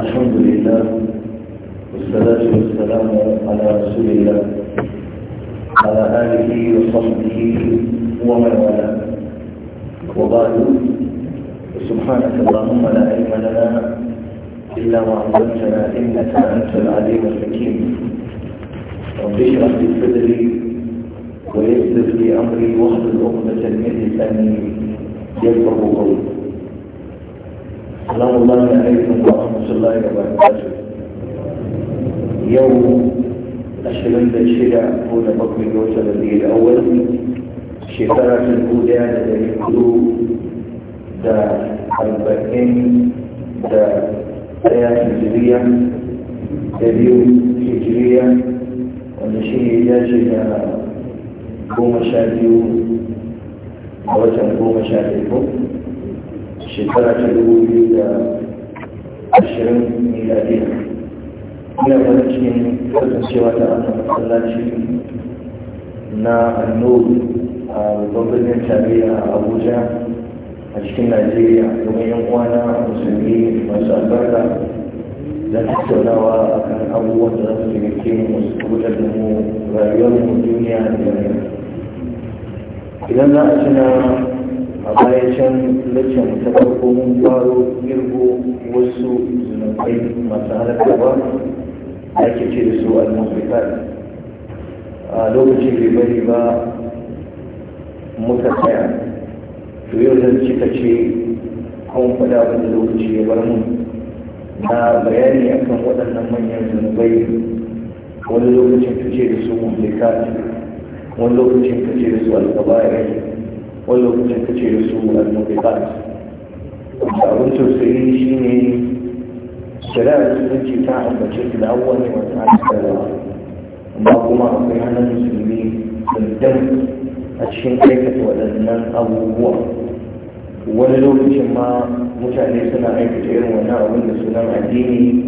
الحمد لله والصلاة والسلام على رسول الله على آله وصحبه ومن والاه وبعد سبحانك اللهم لا علم لنا إلا ما علمتنا إنك أنت العليم الحكيم رب اشرح لي صدري ويسر لي أمري واحلل عقدة من لساني يفقه قلبي السلام الله عليكم ورحمة الله وبركاته يوم أشهد الشدة هنا بطن الوزن الأول شفرة الهدى لدى القلوب دا البكين دا آيات هجرية تبيو هجرية ونشيه إجاجة قوم شاديو وجن قوم شاديو shekara ta dubu biyu da ashirin miladiya ina wani cikin kasancewa ta annan masallaci na annobi a babban tarayya a abuja a cikin najeriya domin yan uwana musulmi masu albarka da tattaunawa a kan abubuwan da za su taimake mu su kubutar da mu rayuwar mu duniya da idan za a tuna a bayan can lecture ta farko mun faro girgo wasu zunubai masu halakarwa da ake ce da su a lokacin a lokacin bai bari ba muka tsaya to yau zan cika ce an faɗa wanda da lokaci ya bar mu na bayani akan waɗannan manyan zunubai wani lokacin ce da su mukhlikat wani lokacin ce da su al wani lokacin ka ce da su al-mubiqat abin tausayi shi ne shari'ar musulunci ta ambace su da abubuwan ne masu Da amma kuma akwai hannun musulmi dandan a cikin aikata waɗannan abubuwa wani lokacin ma mutane suna aikata irin wannan abin da sunan addini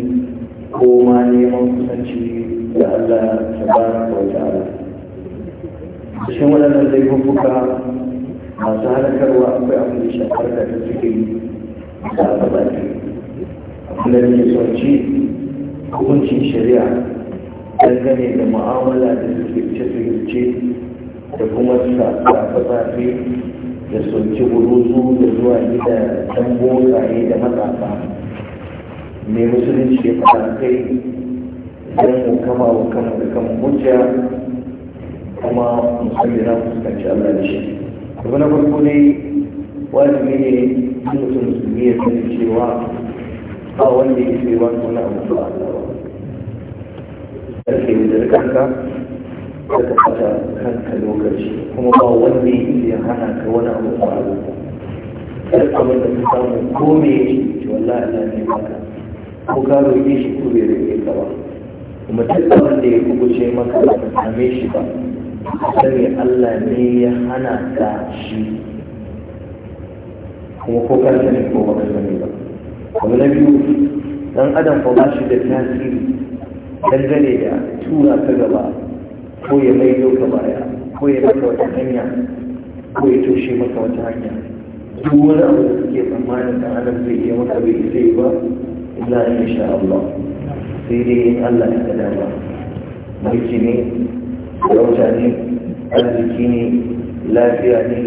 ko ma neman kusanci da Allah tabaraka wa ta'ala cikin waɗannan laifuka masu halakarwa akwai abin da shafar da ta suke yi da aka ba abin da ke sauci hukuncin shari'a dangane da mu'amala da suke ce da kuma safafafe da sauci burutu da zuwa gida can bokaye da matasa mai musulunci ya fara kai don mu kama wa kama da kama hujja kuma musulmi na fuskanci Allah da shi abu na farko dai wajibi ne an mutum musulmi ya sani cewa ba wanda ya ce wani wani abu ba Allah ba karfe da kanka da ka fata kanka lokaci kuma ba wanda ya ce ya hana ka wani abu ba Allah ba kar abin da ka samu ko me ya ce wallahi Allah ne maka ko ka roƙe shi ko bai roƙe ka ba kuma duk wanda da ya kubuce maka ba ka same shi ba sai Allah ne ya hana ta shi kuma ko ka sani ko ba ka sani ba abu na biyu dan adam ba shi da tasiri dangane da tura ta gaba ko ya mai ka baya ko ya maka wata hanya ko ya toshe maka wata hanya duk wani abu da suke tsammanin dan adam zai iya maka bai sai ba illa in sha Allah sai dai Allah ya kada ba mulki ne rauta ne arziki ne lafiya ne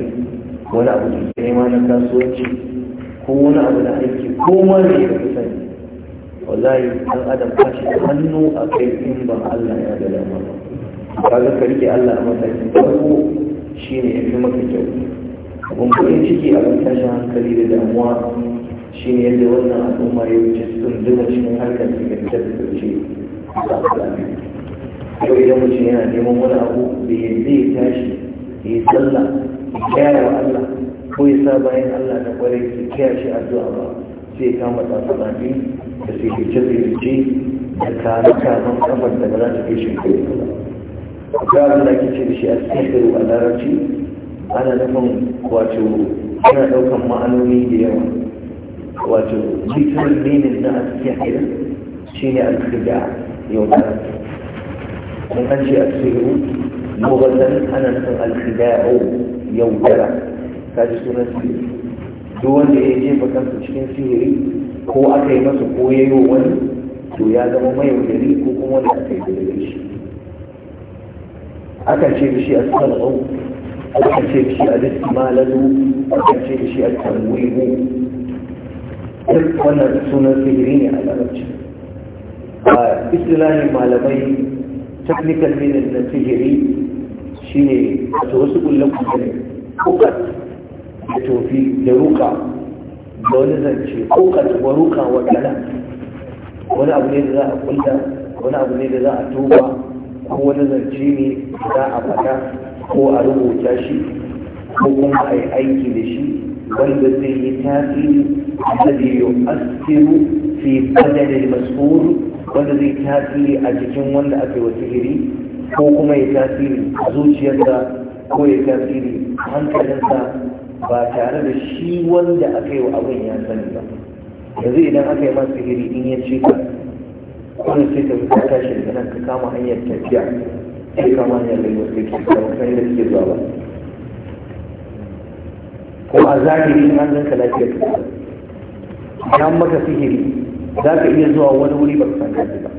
wani abu da ke nema na kasuwanci ko wani abu na aiki ko wani ya fi sani wallahi dan adam ba shi hannu a kai in ba Allah ya ga dama ba kaga ka rike Allah a matakin farko shine ya fi maka kyau abin kuɗin ciki kan tashin hankali da damuwa shi ne yadda wannan al'umma ya wuce sun duma cikin harkar ke da ta da a yau idan mutum yana neman wani abu da ya zai tashi ya yi sallah ya kyara wa Allah ko ya sa bayan Allah na kwarai ya kyara shi zuwa ba sai kama tsatsanani da sirrice-sirrice da kame-kamen kamar da ba za ta kai shi kai ba ga abin da ake ce da shi a cikin sihiru a larabci ana nufin wato yana ɗaukan ma'anoni da yawa wato literal meaning na a sihiru shine alkhida yau da هم أجي أكسرون لغة أنا الخداع يوم جرع فهذا سورة سيئة دول لإيجي تشكين سيئة إيه؟ هو أكيمة قوية يوم تويادة وما يوجري كوكو ولا أكيد لإيش أكيد شيء بشيء أسفل أو أكيد شيء بشيء الاستمال له أكيد شيء بشيء التنويه إيه؟ تكفنا بسنة سيئة على مجرد فإسلالي ما تكنيكال من التجري شيني توسق لكم يعني فقط توفي دروكا دون ذا فقط وروكا وكلا ولا ابو ليد ذا اقول ولا ابو ليد ذا اتوبا هو ذا الجيني ابكا هو ارغو جاشي هو كم اي ايكي لشي والبسيه تاكي الذي يؤثر في بدل المسؤول wanda zai tasiri a jikin wanda aka yi wa sihiri ko kuma ya tasiri a zuciyarsa ko ya tasiri a hankalinsa ba tare da shi wanda aka yi wa abin ya sani ba yanzu idan aka yi masu sihiri in ya ce ka kuma sai ka fita tashi da nan ka kama hanyar tafiya sai kama hanyar da wasu ke kama kan da suke zuwa ba ko a zahiri in an zanka lafiyar ka ya maka sihiri za ka iya zuwa wani wuri ba ka san ba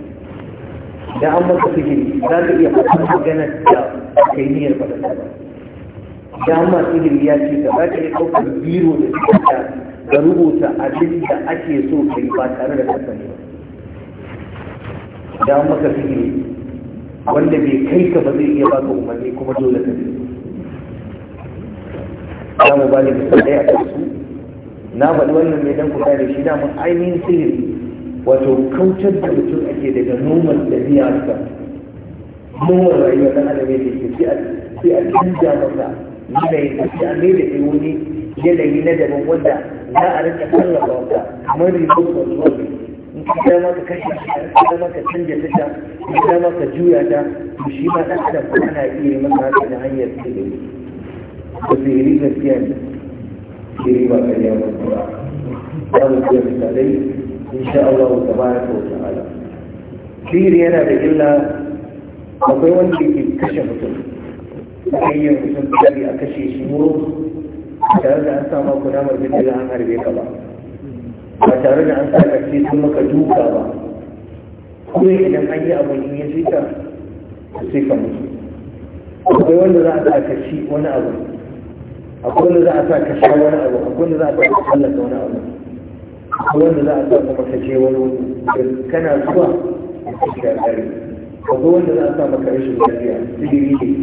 da an maka sihiri za ka iya faɗin magana da kai niyyar ba da an maka sihiri ya ce ka za ka iya ɗaukar biro da sihirta da rubuta abin da ake so ka yi ba tare da kasani ba da an maka sihiri wanda bai kai ka ba zai iya baka umarni kuma dole ka bi za mu ba da misali a kasu na faɗi wannan ne dan ku kare shi da mun ainihin sihiri wato kautar da mutum ake daga noman da biyarsa noman rayuwa na adam ne, ke sai a canja masa yanayi da sai a mai da ke wani yanayi na daban wanda za a rika sarrafa wata kamar ribar kasuwar in ka dama ka kashe shi in ka dama ka canja ta, in ka dama ka juya ta to shi ma ɗan adam ana iya masa haka da hanyar sihiri da sihiri gaskiya ne shiri ba kai ya mutu ba za mu ce misalai sha Allah ta bara ta wata ala shiri yana da illa akwai wanda ke kashe mutum sai yin mutum kari a kashe shi wuro tare da an samu sama kunamar bindiga an harbe ka ba ba tare da an sa ƙarfi sun maka duka ba kuma idan an yi abu in ya zika sai ka mutu akwai wanda za a sa kashi wani abu أقول إذا أتاك الشوانا أو أقول إذا أتاك الحلة ونا أولا أقول إذا أتاك مكتشي ولون كان أسوا أتاك الأري أقول إذا أتاك عيش الجريع تجري لي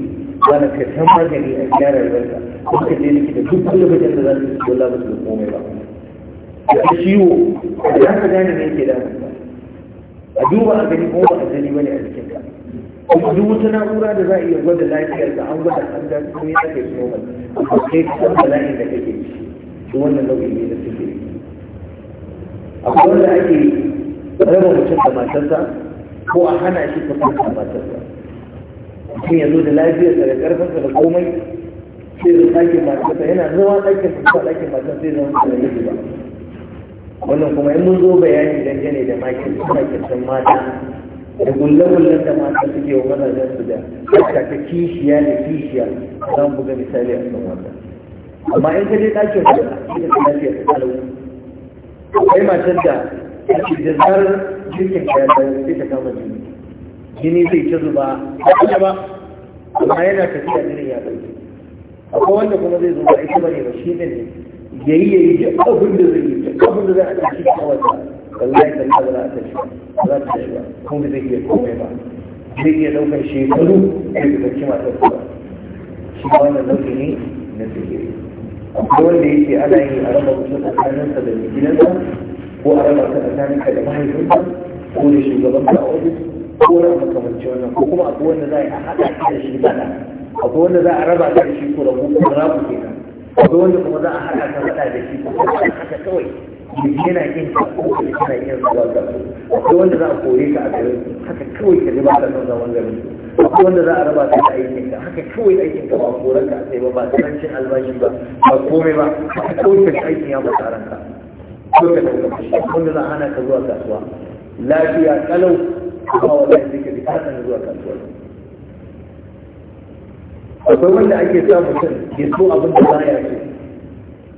وأنا كتهم أجري أجار الوزا وكتب لي كده كل كل بجل ذلك ولا بس بقومي بقى يأشيو أجاك جاني من كده أجوبة أجري قوبة أجري ولي أجري كده أجوبة نعورة رأي أجوبة لا يتكلم أجوبة الحمدان كمية كيف نوبة kai kusan bala'in da kake ci shi wannan nau'in ne na suke akwai wanda ake raba mutum da matarsa ko a hana shi kusan da matarsa mutum ya zo da lafiyarsa da ƙarfinsa da komai sai zo ɗakin matarsa yana zuwa ɗakin matarsa ɗakin matarsa sai zama da yake ba wannan kuma in mun zo bayani dangane da makin makin mata da gulle-gullen da mata suke wa mazajen su da ta kishiya da kishiya zan buga misali a kan wannan amma in ka je ɗakin da ita ta lafiya ta kalau akwai matar da a cikin zarar jirgin da ya sai ta kama jini jini zai ta zuba a ba amma yana tafiya jinin ya ɗauke akwai wanda kuma zai zuba ita bane ba shi ne yayi yi ya yi abin da zai yi abin da zai a cikin kawai wallahi da na zara ta shi za ta shi kun da zai iya komai ba zai iya daukar shekaru da ta ci matar ba shi ba wannan nau'i ne na zikiri akwai wanda yake ana yi a raba mutum tsakaninsa da gidansa ko a raba ka tsakaninka da mahaifinka ko da shugaban ka a ofis ko na makamancin wannan ko kuma akwai wanda za a yi a haɗa ka da shi bada akwai wanda za a raba ka da shi ko rabu ko rabu kenan akwai wanda kuma za a haɗa ka haɗa da shi ko haka kawai yana yin ka ko yin zuwa ka akwai wanda za a kore ka a garin haka kawai ka riba ka zauna wani akwai wanda za a raba ka da aikin ka haka kawai aikin ka ba koran ka sai ba ba karancin albashi ba ba komai ba haka kawai ka aikin ya bata ranka wanda za a hana ka zuwa kasuwa lafiya kalau amma wallahi sai ka bi ka zuwa kasuwa akwai wanda ake sa mutum ya so abin da baya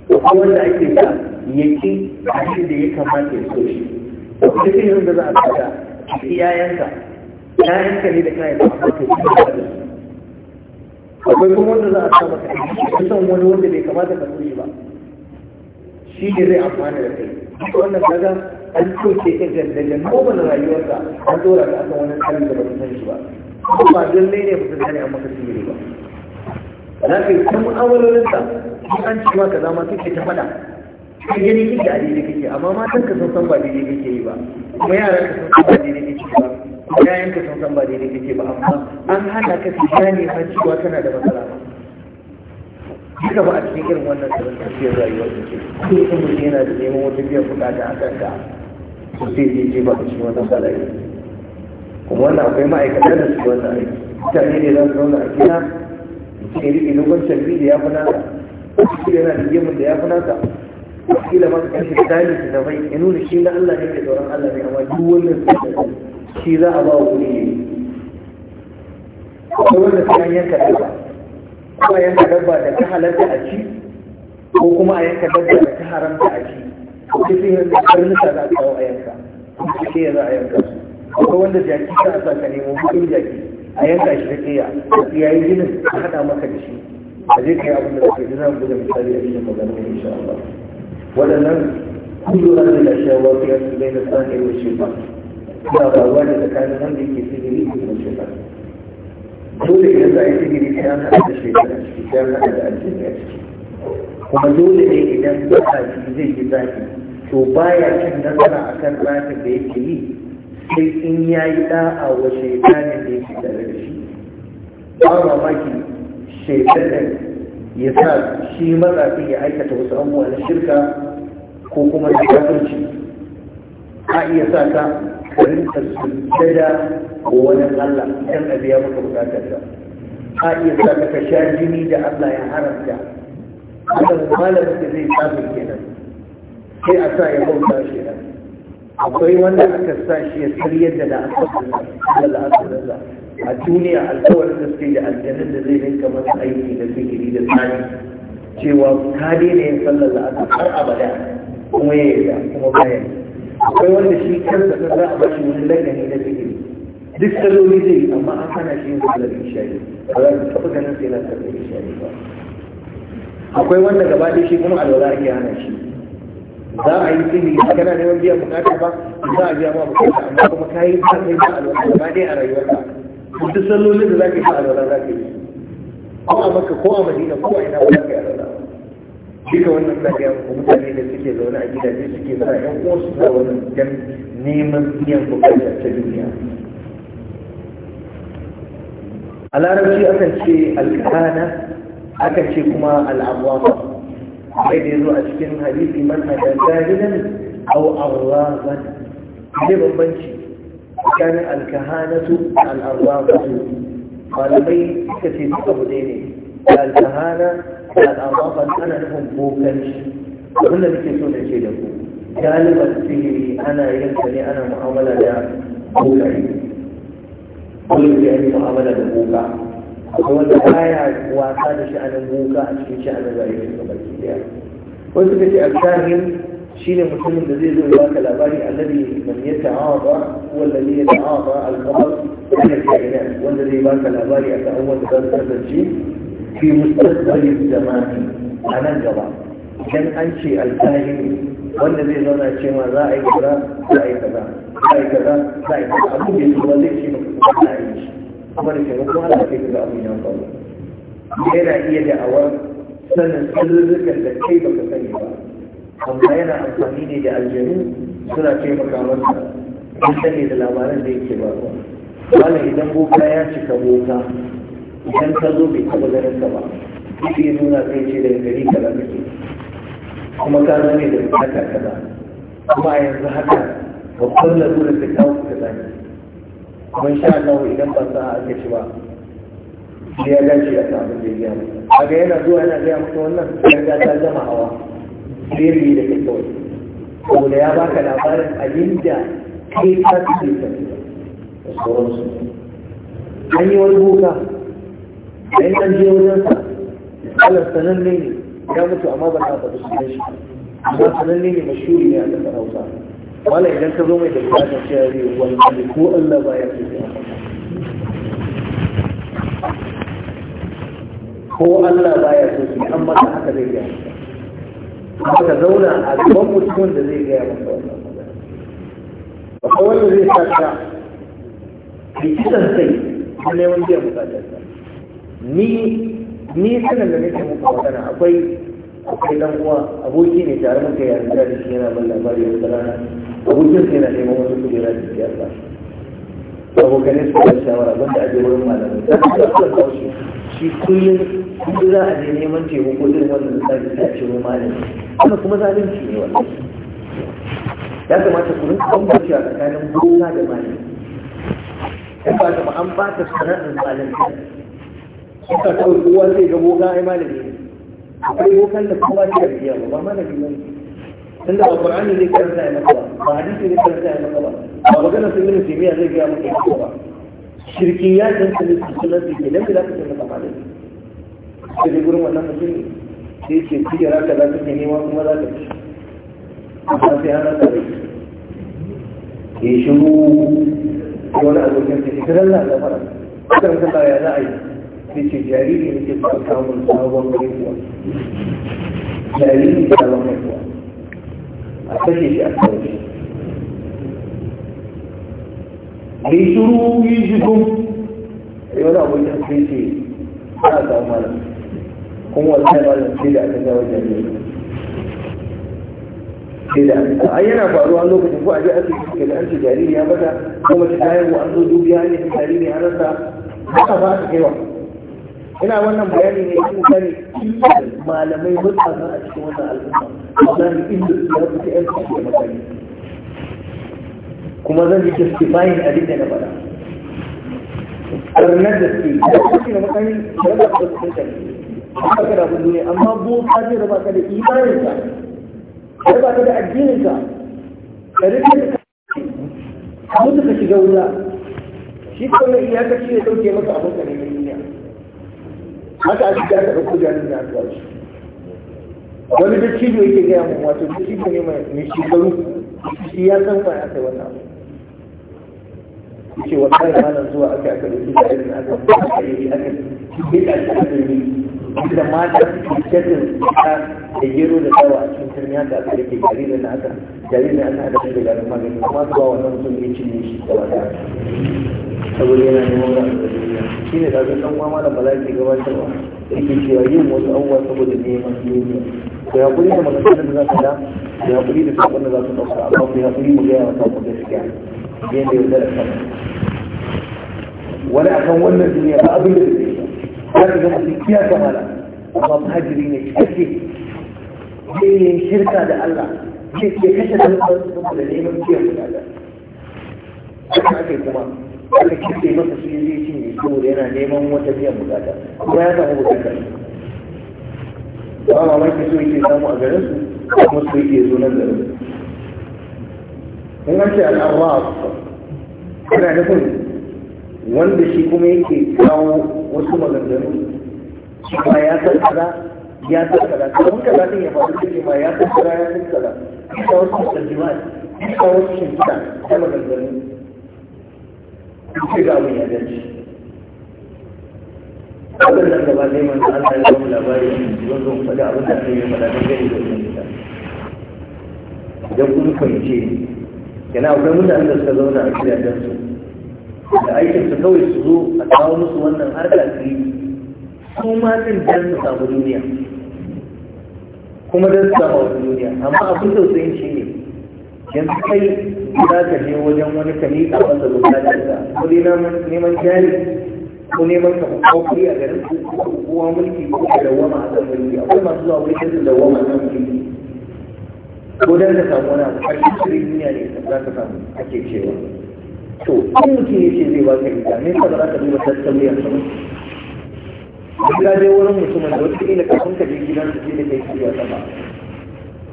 so akwai wanda ake yake abin da ya kamata ya so shi da ilimin da za a tsada a iyayenka yayanka ne da kayan da aka ke cikin akwai kuma wanda za a sa maka aiki san wani wanda bai kamata ka so shi ba shi ne zai amfana da kai duk wannan kaga an soke ka gandajen kowane rayuwarka an dora ka akan wani tsarin da ba ka san shi ba ba lallai ne ba ka sani amma ka ne ba za ka yi kuma ta mu'amalolinka an ci ma ka zama kake ta faɗa kai gani kin da adini kake amma matan ka san san ba daidai kake yi ba kuma yaran ka san ba daidai kake ba kuma yayan ka san san ba daidai kake ba amma an hana ka su gane ma cewa kana da matsala duka ba a cikin irin wannan tsarin tafiyar rayuwar da ke ko kuma mutum yana da neman wata biyan bukata a kanka to sai je je ba a cikin wannan bala'i kuma wannan akwai ma'aikata da su wannan aiki mutane ne za su zauna a gida mutum riƙe da ya fi nasa yana da gemun da ya fi nasa kila ma ka kashe dali da bai ya nuna shi na Allah ne ke tsoron Allah ne amma duk wannan shi za a ba wa kuɗi ne akwai wanda sai an yanka dabba ko a yanka dabba da ta halarta a ci ko kuma a yanka dabba da ta haramta a ci ko sai da karnuka za a kawo a yanka ko sai ke za a yanka su akwai wanda jaki za a sa ka nemo bukin jaki a yanka shi da keya Ya yi ginin a haɗa maka da shi a je ka yi abin da kake zan buga misali a cikin maganar insha Allah ولما نعم. كل هذه الأشياء واقعة بين الظاهر والشيطان بابا والد كان يملك في سجنه من الشيطان كل جزء سجن كان على الشيطان كان على الجن ومدول لي إذا انتهى في زي ذاتي شو بايا نظر أكثر ما تبيت لي سي إن يايدا أو الشيطان اللي يتدرج أرى ما كي الشيطان ya sa shi matsafin ya aikata wasu abubuwa na shirka ko kuma na kafirci a iya sa ka karinta sujjada ko wani Allah idan a biya maka bukatar ka a iya sa ka ka sha jini da Allah ya haramta hakan malamin da zai samu kenan sai a sa ya bauta shi akwai wanda aka sa shi ya sarye da la'asar da la'asar da a duniya alkawarin da suke da aljanin da zai rinka masa aiki da fikiri da tsari cewa ka daina ya sallar da la'asar har abada kuma ya yarda kuma bayan akwai wanda shi kansa ta za a bashi wani lagani na fikiri duk saloli zai yi amma an hana shi yin sallar ishari ba za su taɓa ganin sai na sallar ishari ba akwai wanda gaba ɗaya shi kuma alwala ake hana shi za a yi sihiri kana neman biyan bukata ba za a biya ma bukata amma kuma ka yi ba kai ba alwala gaba ɗaya a rayuwarka duk sallolin da za ka yi a rana za ka yi ko a maka ko a madina ko a ina wani ka yi rana duka wannan na gaya muku mutane da suke zaune a gidaje suke sa yan uwansu da wani dan neman biyan bukatar ta duniya a larabci akan ce alkana akan ce kuma al'amwafa sai da ya zo a cikin hadisi man hada jahilan au arrazan ne bambanci كان الكهانة الأرباب قال لي كثير قبليني الكهانة الأرباب أنا لهم بوكنش وهنا بكثون أشي لكم قال لي أنا يلتني أنا معاملة يا بوكنش قل لي أني معاملة بوكا هو الآية وقال شأن بوكا أشكي شأن غريب وقال لي أبشاهم شيل المسلم الذي يقول لك الأباري الذي من يتعاضى هو الذي يتعاضى القبر من الكائنات والذي يبارك الأباري أتأول ذلك التسجيل في مستقبل الزمان أنا الجواب كان أنشي الفاهم والذي ظن شيء ذا أي كذا ذا أي كذا ذا أي كذا ذا أي كذا أبو بيسوى ذلك شيء مكتوب عايش أمر شيء مكتوب على كيف ذا أبو ينام طول هنا هي دعوة سنة سلوك التكيب كتيبة amma yana amfani ne da aljanu suna taimaka masa in sani da labaran da yake ba wala idan boka ya cika boka idan ka zo bai taɓa ganin ka ba duk ya nuna kai ce daga gari kaza kake kuma ka zo ne da bukata kaza kuma a yanzu haka babban lalura ta kawo ka zani kuma sha Allah idan ba sa aka ci ba sai ya dace a samun da ya gaya masa. A ga yana zuwa yana gaya masa wannan ya ta zama hawa biri da kawai saboda ya baka labarin abin da kai ka tafi da sauransu an yi wani buka a yi an je wajensa alar sananne ne ya mutu amma ba ta faɗi sunan shi amma sananne ne mashuri ne a ƙasar hausa wala idan ka zo mai da bukatar cewa zai wani ko allah ba ya fi ko allah ba ya so su an mata haka zai yi ka zauna a gaban mutumin da zai gaya maka wannan magana Ba wanda zai sa ka ki kisan sai ta neman biyan bukatarsa. ni ni sanin da nake muku magana akwai akwai dan uwa aboki ne tare muka yi da shi yana ban labari wata rana abokin sai yana neman wasu kujera da siyasa abokanai su da shawara wanda aje wurin malamin. da su da kawo shi kullum duk za a je neman taimako irin wannan da zai ta ce wani malamin. kuma kuma zalunci ne wannan ya kamata ku rinka bambanci a tsakanin gona da malamin. ya ba ta an ba ta sana'ar malamin. malami suka kawai kowa zai ga boga ai malami ne akwai bokan da kuma ke da biya ba malami ne tunda alqur'ani ne karanta ya maka ba hadisi ne karanta ya maka ba ba magana sun yi kimiyya zai gaya maka ita ba shirkin ya danta ne su sunan su kenan da taimaka tana malami sai dai gurin wannan mutum sai ce kiyara ka za ka nema kuma za ka ci amma sai ana tare ya shigo wani abokin sai ka dalla da fara kan ka ba ya za a yi sai ce jariri ne ke kawo sabon haihuwa jariri sabon haihuwa a kashe shi a kawai mai shuru yi jikin yi. wani abokin sai ce ana samu malam kuma wani sai malam sai da aka wajen jami'a sai da aka ai yana faruwa lokacin ko a ji asibiti da an ce jariri ya bata kuma ta kayan an zo dubiya ne jariri ya rasa haka ba ta kaiwa ina wannan bayani ne cikin gani malamai mutane a cikin wannan al'umma wannan inda ya fita yan su da mutane kuma zan yi testifying a dinda na bada karnar da su da suke da mutane da ba su kanta haka kada abin duniya amma boka da ba ka da imaninka ka ba ka da addininka ka rike ka mutu ka shiga wuta shi kawai iyaka shi ya dauke maka abin ka ne haka a cikin da ɗauko jarin da aka bashi wani duk cibiyo yake gaya mun wato duk cibiyo ne mai shekaru shi ya san ba aka yi wannan abu yake wallahi malam zuwa aka aka ɗauki jarin da aka bashi aka yi aka yi aka yi da mata cikin da gero da tsawa a cikin turmi haka aka yake jaririn na haka jaririn aka hada shi da garin magani kuma su ba wannan mutum ya cinye shi da wata saboda yana neman ga duniya shi ne da zan kuma malam bala ke gabatarwa yake cewa yin wasu abubuwa saboda neman duniya da hakuri da maganar da za su da da hakuri da sakon da za su ɗauka amma ku hakuri mu gaya wa sakon gaskiya yadda ya zara sama wani akan wannan duniya ba abin da zai zaka ga mutum ya kamala amma fajiri ne ake zai yi shirka da Allah zai ke kashe da mutum da neman biyan bukata haka ake kuma aka kike masa shi zai ci ne saboda yana neman wata biyan bukata kuma ya samu bukata ba mamaki so yake samu a garin su kuma so yake zo nan garin in an ce al'arwa a kusa yana nufin wanda shi kuma yake kawo wasu maganganu shi ba ya san kaza ya san kaza kamar kaza din ya faru shi ba ya san kaza ya san kaza shi kawo su mutajima shi kawo su shimfiɗa ta maganganu shi ga abin ya dace abin da gaba ne man an ta yi wani labari don zon faɗi abin da ake yi faɗa don gani da wani gida idan kun fahimce yana akwai mutanen da suka zauna a gidajensu da aikin su kawai su zo a kawo musu wannan harka su yi su ma din jan su samu duniya kuma dan su samu duniya amma abin tausayin shi ne yanzu kai za ka je wajen wani ka miƙa masa bukatar ka ko neman jari ko neman ka kofi a garin su ko kuwa mulki ko da dawwama a kan mulki akwai masu zuwa wani su dawwama a kan mulki ko dan ka samu wani abu a cikin duniya ne za ka samu ake cewa to an mutum yake zai ba ka riga ne ka ba za ka duba tattalin ka ba ka je wurin mutumin da wata ila kafin ka je gidan su sai da kai ya sama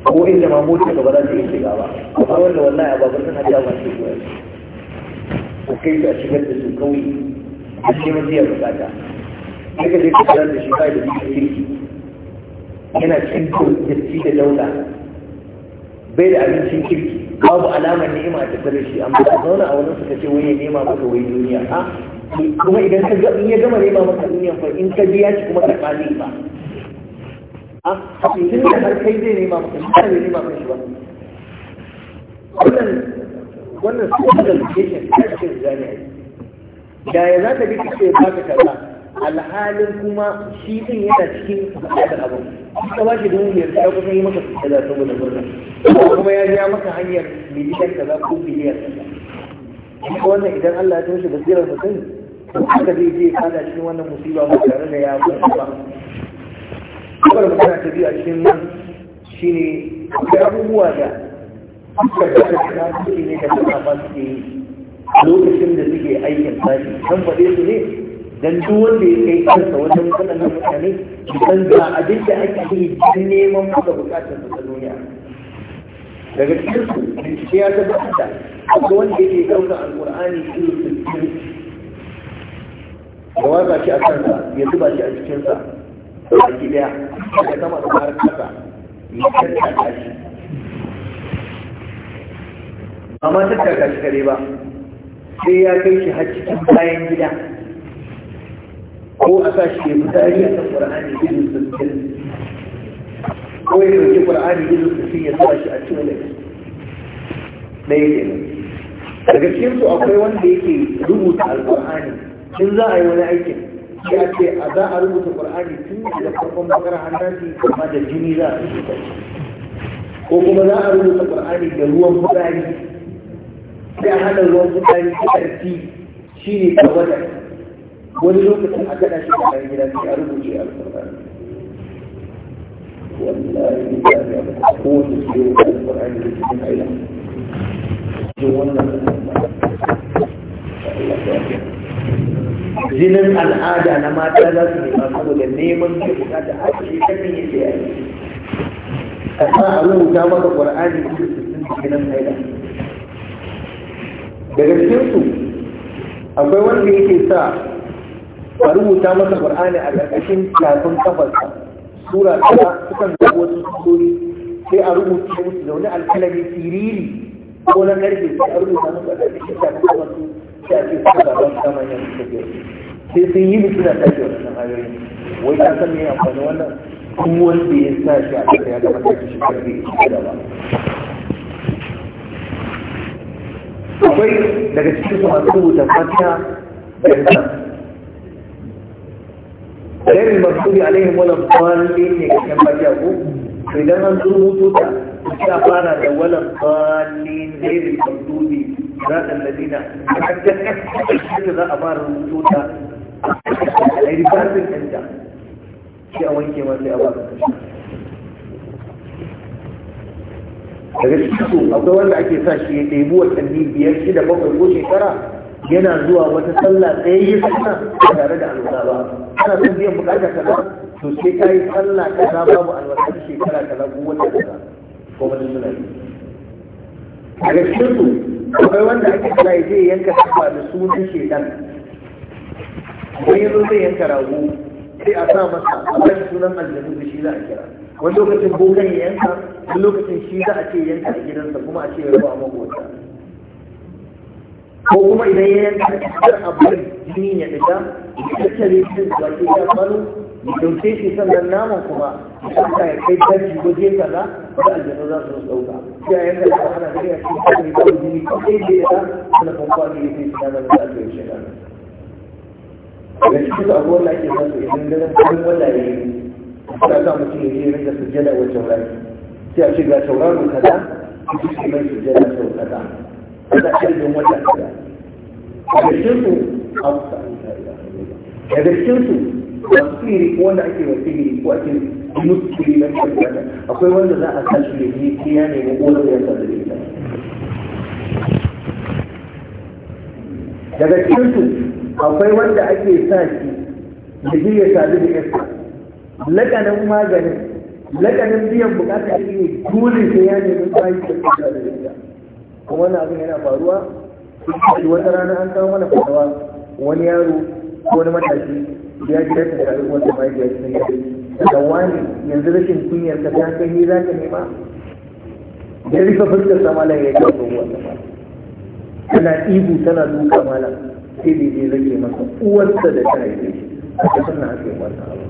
ko inda ma mota ka ba za ta yi shiga ba amma wanda wallahi a babar tana ta masu zuwa ko kai ka shigar da su kawai a ce masu ya bukata sai ka je ka shigar da shi kai da bisa kirki yana cikin da da dauda bai da abincin kirki babu alamar nema ta tare shi amma ka zauna a wani suka ce waye nema maka wai duniya a kuma idan ka ga in ya gama nema maka duniya fa in ka biya shi kuma ka kale ba a tun da har kai zai nema maka shi ba zai nema maka shi ba wannan wannan social education ta ce zaniya da ya za ta bi ce ba ka kaza alhalin kuma shi din yana cikin da abu ka ba shi yi maka saboda murna kuma ya ja maka hanyar miliyan kaza ko miliyan kaza wannan idan Allah ya toshe basirar mutum haka zai je kada cikin wannan musiba ba tare da ya fara ba kawai magana ta biya a cikin nan ne ya abubuwa da suka tattara da suke ne da suka ba suke yi lokacin da suke aikin sashi kan faɗe su ne dan duk wanda ya kai kansa wajen waɗannan mutane dan ga abin da ake yi don neman masa bukatar da duniya daga cikin su bincike ya tabbatar da wanda yake ɗaukar alƙur'ani ne sittin da watsa shi a kansa ya zuba shi a cikinsa a gida da sama da har kasa ya ta shi amma tattaka shi kare ba sai ya kai shi har cikin bayan gida ko a sa shi ya fitari a kan ƙur'ani irin sassin ko ya ɗauki ƙur'ani irin sassin ya sa shi a cikin ɗaya kenan daga cikin su akwai wanda yake rubuta alƙur'ani in za a yi wani aikin ya ce a za a rubuta ƙur'ani tun da farkon bakar hannati amma da jini za a rubuta ko kuma za a rubuta ƙur'ani da ruwan fitsari sai a hada ruwan fitsari da ƙarfi shi ne kawai wani lokacin a kada shi a gida sai a rubuce alƙur'ani wallahi da ya ga kowace ciwo da alƙur'ani da cikin haila jin wannan jinin al'ada na mata za su nema saboda neman ke bukata a ce kanin yake yayi ka sa a rubuta maka ƙur'ani da cikin haila daga cikinsu akwai wanda yake sa Ba rubuta masa qur'ani a ƙarƙashin kafin kafarsa sura ta sukan zabo wasu surori sai a rubuta musu da wani alkalami siriri ko na ƙarfe sai a rubuta musu a ƙarƙashin kafin kafarsu sai a ce suka zaɓa kama yan suka sai sun yi bisu na tashi wannan ayoyi wai ta san me amfani wannan kun wanda ya sa shi a ƙarƙashin ya gama tashi shi ƙarfe ya ci gaba. akwai daga cikin su masu rubuta fatiha da غير المغضوب عليهم ولا الضالين ne kan bakiya ku. to idan an zo mutu ta sai a fara da wala dalin غير المغضوب ذات الذين حتى حتى za a fara mutu ta a yi ribarbin ɗanta sai a wanke ma sai a ba daga cikin akwai wanda ake sa shi ya watanni biyar shida bakwai ko shekara yana zuwa wata sallah ɗaya yi suna tare da alwala ba ana son biyan bukata kaza to sai ka yi sallah kaza babu alwala ta shekara kaza ko wata kaza ko wani suna yi a gaskiyar su akwai wanda ake kira ya je yanka kafa da sunan shedan bayan zai yanka rago sai a sa masa a bashi sunan aljanu da shi za a kira wani lokacin bokan ya yanka wani lokacin shi za a ce yanka a gidansa kuma a ce ya rabu a magwata ko kuma idan ya yanka kar a bari jini ya fita ya tattare shi da ke ya faru ya dauke shi sannan naman kuma ya tsaka ya kai daji waje kaza da aljanu za su dauka ya yanka da ana da ya ce ne ko jini ko sai da ya na pompa ne ya sai shi da za su yi shi da ga cikin abubuwan da ake zasu idan da zan wanda ya yi ta sa mutum ya yi rinka sujjada wa taurari sai a ce ga kada kaza ki ci mai sujjada sau kaza da daga shirku a wuta daga shirku masu sihiri wanda ake wa sihiri ko ake musu na shirka akwai wanda za a sa shi ne shi ya nemi ƙolar ya sa da ita daga shirku akwai wanda ake sa shi da ya sadu da yasa lakanin maganin lakanin biyan bukatar shi ne dole sai ya nemi bayan da da kuma wannan abin yana faruwa shi wata rana an kawo mana fatawa wani yaro ko wani matashi ya ji rashin tsarin mai mahaifiya cikin gari da wani yanzu rashin kunyar ka ta kai ni za ka nema da rufe fuskar sa malam ya kawo wannan tana ibu tana duka malam sai da zai rage masa uwarsa da ta haife shi a cikin na ake wannan abu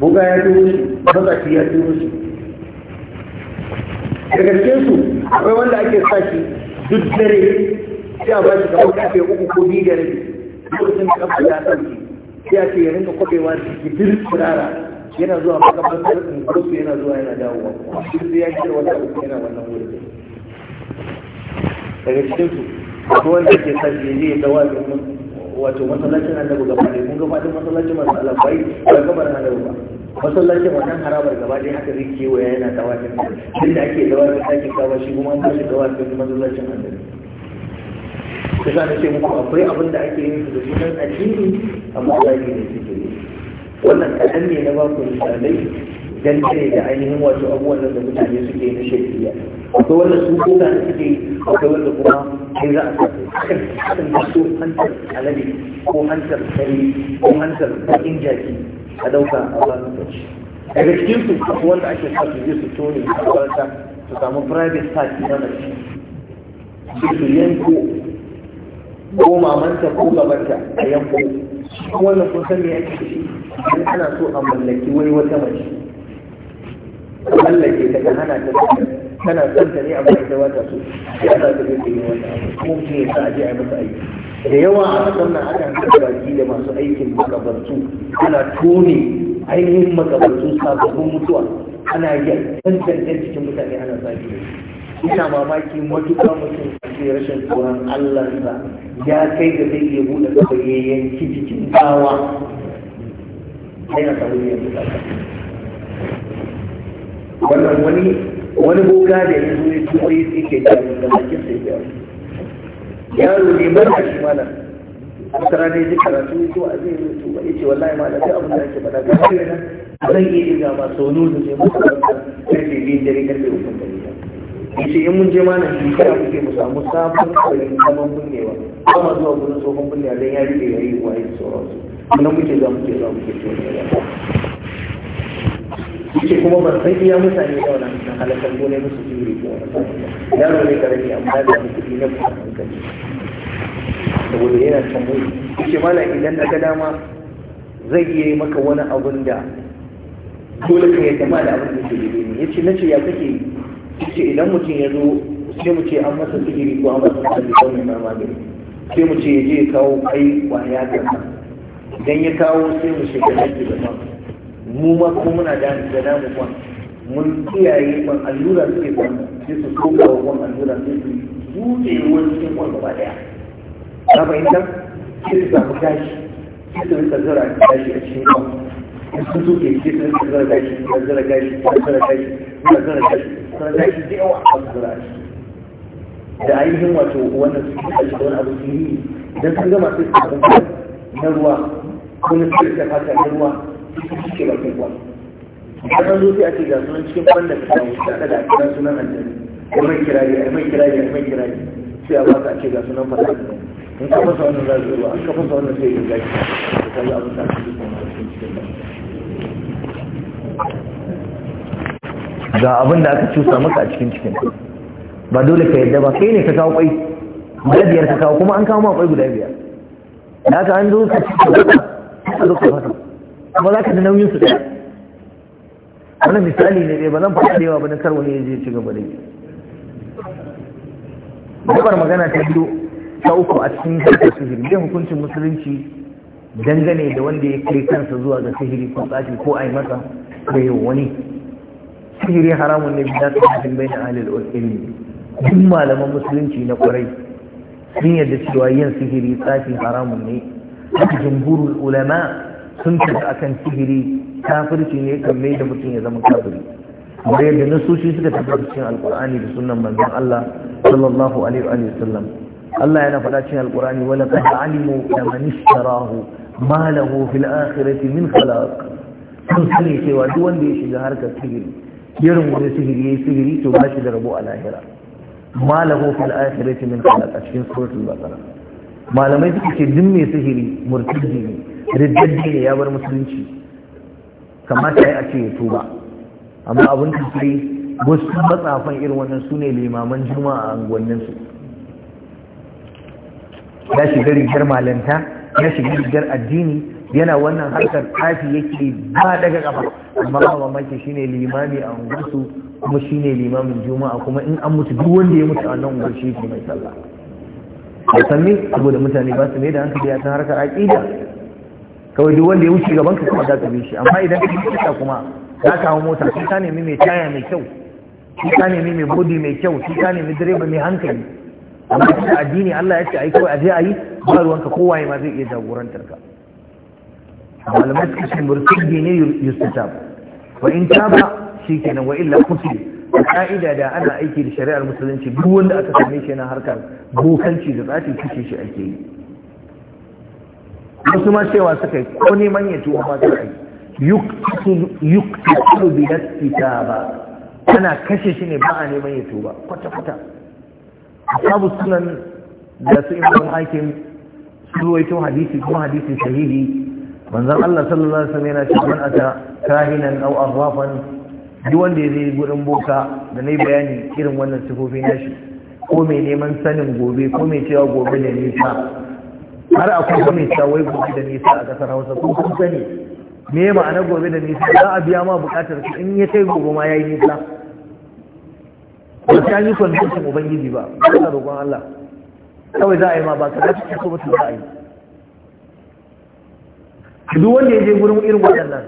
buga ya turo shi baka ya turo shi daga cikin su akwai wanda ake saki duk dare sai a ba shi kamar kafe uku ko biyu da rabi lokacin da kafa ya sauki, sai a ce ya rinka kwabewa da gidir turara yana zuwa makamantar unguwarsu yana zuwa yana dawowa sai ya da wata uku yana wannan wurin daga cikin su akwai wanda ake saki ya je ya dawa da wato masallacin da gaba ne kuma ga fadin masallacin masu alafai ba na da ba masallacin wannan harabar gaba ɗaya haka zai kewaya yana tawafin duk da ake da ɗakin kaba shi kuma an ba shi tawafin masallacin annabi kusa na ce muku akwai abin da ake yin su da sunan addini amma Allah ne da suke yi wannan kaɗan ne na ba baku misalai dangane da ainihin wato abubuwan da mutane suke na shari'a akwai wanda su kuma suke akwai wanda kuma sai za a sa kan so hantar alade ko hantar kare ko hantar bakin jaki a ɗauka a ba lokaci daga cikin su wanda ake sa su je su tone a makaranta su samu private party na mace su su yanko ko mamanta ko gabanta a yanko wannan kun san me ake shi idan ana so a mallaki wani wata mace a mallake ta ka hana ta tana son ta ne amma ita wata so ya za ta zai yi wannan abu kuma mutum ya sa a je a yi masa aiki da yawa a ƙasar nan ana baki da masu aikin makabartu ana tone ainihin makabartu sababbin mutuwa ana yi tantance cikin mutane ana zafi da ina mamaki matuƙa mutum a rashin tsoron Allah ba ya kai da zai iya buɗe kafa ya yanki cikin bawa yana samu ya buɗe wannan wani wani boga da zo ya yake sai ke da sai yaro ne ba shi mana wata rana ya ji karatu ya zo a zai rutu ba ya ce wallahi ma da sai abin da ake faɗa ga shi ne zan iya yin ba sau da ce mu karanta karfe biyun dare karfe uku da ya ce in mun je ma nan shi kira muke mu samu sabon kwayoyin zaman bunnewa ba ma zuwa gurin tsohon bunnewa don ya rike ya yi waye da sauransu nan muke za muke za muke tsohon yake kuma ban san iya mutane da wani mutum halakar gona musu jure ko wani yaro ne karami amma da wani kuɗi na kuɗin hankali saboda yana can wuri yake mana idan na ga dama zai iya yi maka wani abun da dole ka yadda ma da abin da ke daidai ne na ce ya kake ce idan mutum ya zo sai mu ce an masa sihiri ko an masa kalli ko mai magani sai mu ce ya je ya kawo kai kwaya kaza idan ya kawo sai mu shiga daji da ba mu ma ko muna da da namu kwan mun kiyaye kwan allura suke kwan sai su koma wa kwan allura sai su buɗe ruwan cikin kwan gaba ɗaya na fahimta sai su samu gashi sai su rika zura gashi a cikin kwan in sun zuke sai su rika zura gashi suna zura gashi suna zura gashi suna zura gashi suna gashi da yawa a zura a yi da ainihin wato wannan su kuka shi wani abu su yi idan sun gama sai su samu na ruwa ko na sirka fata na ruwa suke ba kai kwallo har an zo sai a ce ga sunan cikin wanda ka samu shi da a kira sunan annabi ai mai kirari ai mai kirari ai mai kirari sai a baka a ce ga sunan fata in ka fasa wannan za su an ka fasa wannan sai ya gaji da kalli abin da ake cikin cikin ga abin da aka cusa maka a cikin cikin ba dole ka yadda ba kai ne ka kawo kwai guda biyar ka kawo kuma an kawo ma kwai guda biyar da haka an zo ka cikin ka zo ka fasa amma za ka da nauyin su ɗaya wani misali ne ba zan faɗa da yawa ba na kar wani ya je ci gaba da yi gabar magana ta biyu ta uku a cikin harkar sihiri dai hukuncin musulunci dangane da wanda ya kai kansa zuwa ga sihiri ko tsafi ko a yi masa da wani sihiri haramun ne bisa tsafin bai na ahalil ilmi duk malaman musulunci na kwarai sun yadda cewa yin sihiri tsafi haramun ne jumhurul ulama sun tafi akan sihiri kafirci ne kan mai da mutum ya zama kafiri kamar yadda nasoshi suka tabbata cikin alkur'ani da sunan manzon Allah sallallahu alaihi wa sallam Allah yana faɗa cikin alkur'ani wala qad alimu man ishtarahu ma lahu fil akhirati min khalaq sun sani cewa duk wanda ya shiga harkar sihiri ya rungume sihiri yayi sihiri to ba shi da rabo a lahira ma lahu fil akhirati min khalaq a cikin suratul baqara malamai suka ce duk mai sihiri murtadi ne riddaddi ne ya bar musulunci kamata ya ce ya tuba amma abin ke wasu matsafan irin wannan su ne limaman juma'a a anguwanninsu ya shiga rigar malanta ya shiga rigar addini yana wannan harkar kafi yake ba daga kafa amma ba mamaki ne limami a unguwarsu kuma shi ne limamin juma'a kuma in an mutu duk wanda ya mutu a nan unguwar shi mai sallah sami saboda mutane ba su ne da hankali a kan harkar aƙida kawai duk wanda ya wuce gaban ka kuma za ka shi amma idan ka yi ta kuma za ka hau mota sai ka nemi mai taya mai kyau sai ka nemi mai bodi mai kyau sai ka nemi direba mai hankali amma cikin addini Allah ya ce yi kawai aje ayi ba ruwanka kowaye ma zai iya jagorantar ka malamai suka ce murtaddi ne yustatab wa in taba shikenan wa illa a ka'ida da ana aiki da shari'ar musulunci duk wanda aka same shi na harkar bokanci da tsafi kice shi ake yi wasu ma cewa suka yi ko neman ya tuwa ba suka yi yuktulu bi nasfita ba ana kashe shi ne ba a neman ya tuwa kwata-kwata a sabu sunan da su imam hakim surwaito hadisi kuma hadisi sahihi manzon Allah sallallahu alaihi wasallam yana cewa ata kahinan aw arrafan duk wanda ya zai gurin boka da nayi bayani irin wannan sifofi shi ko mai neman sanin gobe ko mai cewa gobe da nisa har akwai mai wai gobe da nisa a kasar hausa ko kun sani me ma'ana gobe da nisa za a biya ma bukatar su in ya kai gobe ma ya yi nisa ba ta yi kwanciyar ubangiji ba ba ta roƙon Allah kawai za a yi ma ba ka cikin kuma su za a yi duk wanda ya je gurin irin waɗannan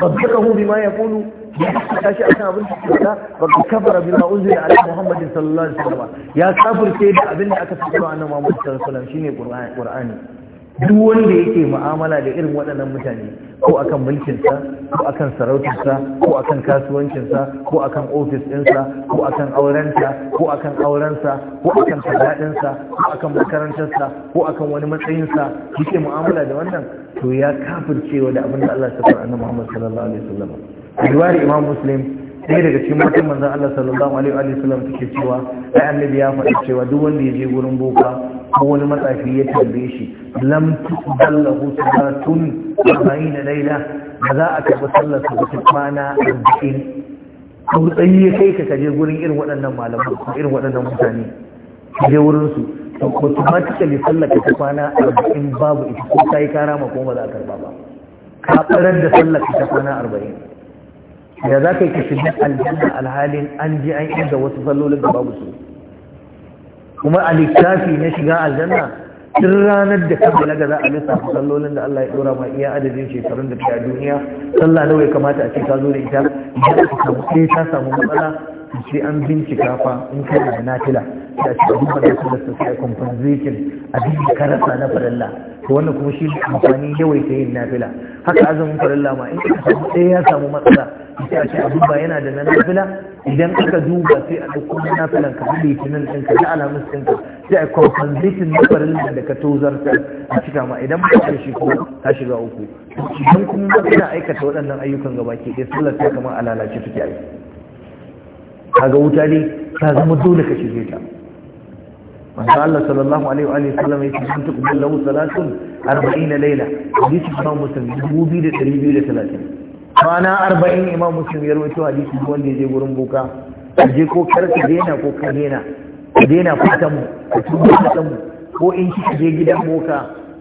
sabbaka hu ma ya kulu ya kasa shi akan abin da kuka ba ka kafara bi ma unzila ala muhammadin sallallahu alaihi wasallam ya kafirce da abin da aka fito annabi muhammad sallallahu alaihi wasallam shine qur'ani duk wanda yake mu'amala da irin waɗannan mutane ko akan mulkin sa, ko akan sarautar sa, ko akan kasuwancin sa, ko akan ofis sa, ko akan auren sa, ko akan sa, ko akan sa, ko akan makarantarsa ko akan wani matsayinsa yake mu'amala da wannan to ya kafircewa da abin da Allah ya saka annabi Muhammad sallallahu alaihi wasallam riwayar imam muslim ɗaya daga cikin mutum manzon Allah sallallahu alaihi wa sallam take cewa ai annabi ya faɗi cewa duk wanda ya je gurin boka ko wani matsafi ya tambaye shi lam tuballahu salatun arba'ina laila ba za a karɓi sallar sa wata kwana arba'in tsayi ya kai ka kaje gurin irin waɗannan malaman ko irin waɗannan mutane ka je wurin su to automatically sallar ka ta kwana arba'in babu ita ko yi kara ma ko ba za a karɓa ba ka ɓarar da sallar ka ta kwana arba'in da za ka yi ka shiga aljanna alhalin an ji an inda wasu sallolin da babu su kuma a littafi na shiga aljanna duk ranar da ka balaga za a lissafa sallolin da Allah ya dora ma iya adadin shekarun da ta duniya sallah nawa ya kamata a ce ka zo da ita idan ka samu sai ta samu matsala sai an bincika fa in kana da nafila ya ce abin da su da su sai compensation abin da ka rasa na farilla to wannan kuma shi amfani yawaita yin nafila haka azumin farilla ma in ka samu ɗaya ya samu matsala sai a ce abin ba yana da na nafila idan aka duba sai a ɗauko na nafilan ka bude kinin ɗinka da alamus ɗinka sai a compensation na farilla da ka tozar a cika ma idan ba ka shi kuma ka shiga uku idan kuma ba ka aikata waɗannan ayyukan gaba ke ɗaya sallar ta kamar a lalace take aiki kaga wuta ne ta zama dole ka shige ta manzo Allah sallallahu alaihi wa alihi sallam yake sun tuqbal lahu salatun 40 layla hadisi Imam Muslim 2230 kana 40 Imam Muslim ya rawaito hadisi wanda ya je gurin buka je ko karka daina ko ka daina ka daina fatan mu ka tuba fatan mu ko in ka je gidan boka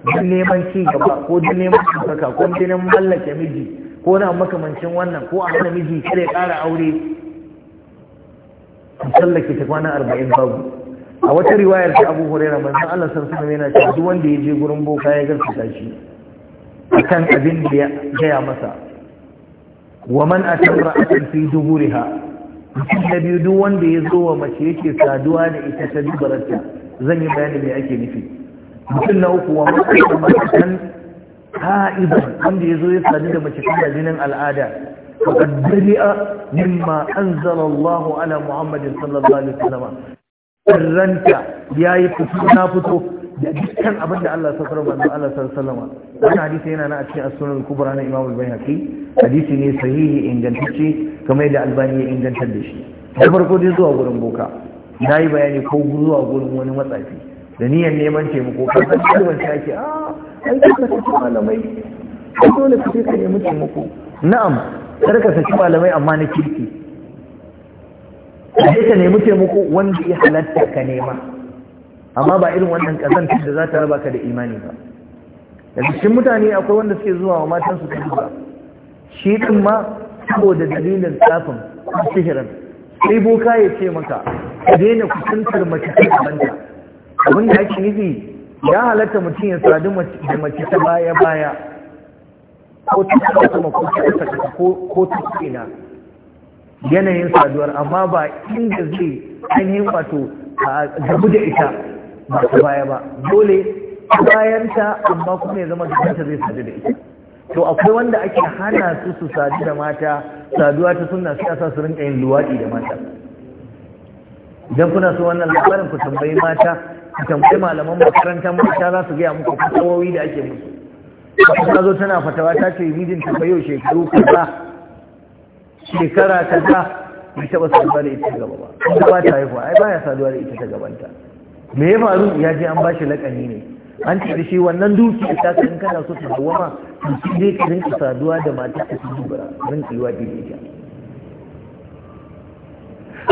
don neman ci gaba ko don neman saka ko don mallake miji ko na makamancin wannan ko a hana miji kada ya ƙara aure ku tsallake ta kwana arba'in babu a wata riwayar ta abu huraira manzon Allah sallallahu alaihi yana cewa duk wanda ya je gurin boka ya gaskata shi akan abin da ya gaya masa wa man atamra fi duburiha mutum na biyu duk wanda ya zo wa mace yake saduwa da ita ta dubararta zan yi bayani mai ake nufi mutum na uku wa man atamra ha'iban wanda ya zo ya sadu da mace tana jinin al'ada فقد برئ مما أنزل الله على محمد صلى الله عليه وسلم ranta ya yi fito na fito da dukkan abin da Allah sarrafa da Allah sallama wannan hadisi yana na a cikin as-sunan kubra na Imam al-Baihaqi hadisi ne sahihi ingantacce kamar da Albani ya inganta da shi da farko dai zuwa gurin boka Na yi bayani ko zuwa gurin wani matsafi da niyyar neman taimako kan san kalmar ta ke a ai ka saki malamai dole ka je ka nemi taimako na'am kar ka saki malamai amma na kirki sai ka nemi taimako wanda ya halatta ka nema amma ba irin wannan kazantar da za ta raba ka da imani ba da cikin mutane akwai wanda suke zuwa wa matansu su kai ba shi ɗin ma saboda dalilin tsafin sihirin sai boka ya ce maka ka daina kusantar mace ta gabanta abin da ake nufi ya halatta mutum ya sadu da mace ta baya baya ko ta kuma ko ta ko ta ina yanayin saduwar amma ba inda zai ainihin wato a da ita ba ta baya ba dole bayanta amma kuma ya zama dukanta zai sadu da ita to akwai wanda ake hana su su sadu da mata saduwa ta suna sai sa su rinka yin luwaɗi da mata idan kuna so wannan labarin ku tambayi mata ku tambayi malaman makarantar mata za su gaya muku fasawowi da ake musu ta zo tana fatawa ta ce mijinta shekaru kaza shekara ta ga bai taɓa saduwa da ita ta gaba ba ta ba ta haihuwa ai ba ya saduwa da ita ta gabanta me ya faru ya je an bashi lakani ne an ce da shi wannan duki ta ka in kana so ta ma to shi dai ka rinka saduwa da matar ta dubura rinka ran wa da ita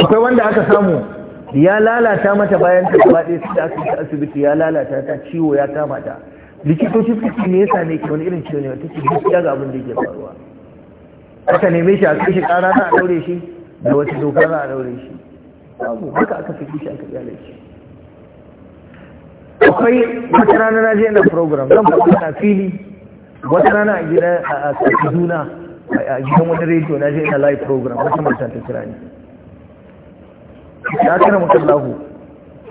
akwai wanda aka samu ya lalata mata bayan ta gaba ɗaya su aka yi asibiti ya lalata ta ciwo ya kama ta likitoci suka ce me yasa ne ke wani irin ciwo ne wata ce gaskiya ga abin da yake faruwa aka neme shi a kai shi kara za a daure shi da wata doka za a daure shi abu haka aka fi shi aka iya shi akwai wata rana na je na program zan faɗi na fili wata rana a gida a kaduna a gidan wani rediyo na je na live program wata mata ta kira ni ya kira mutum lahu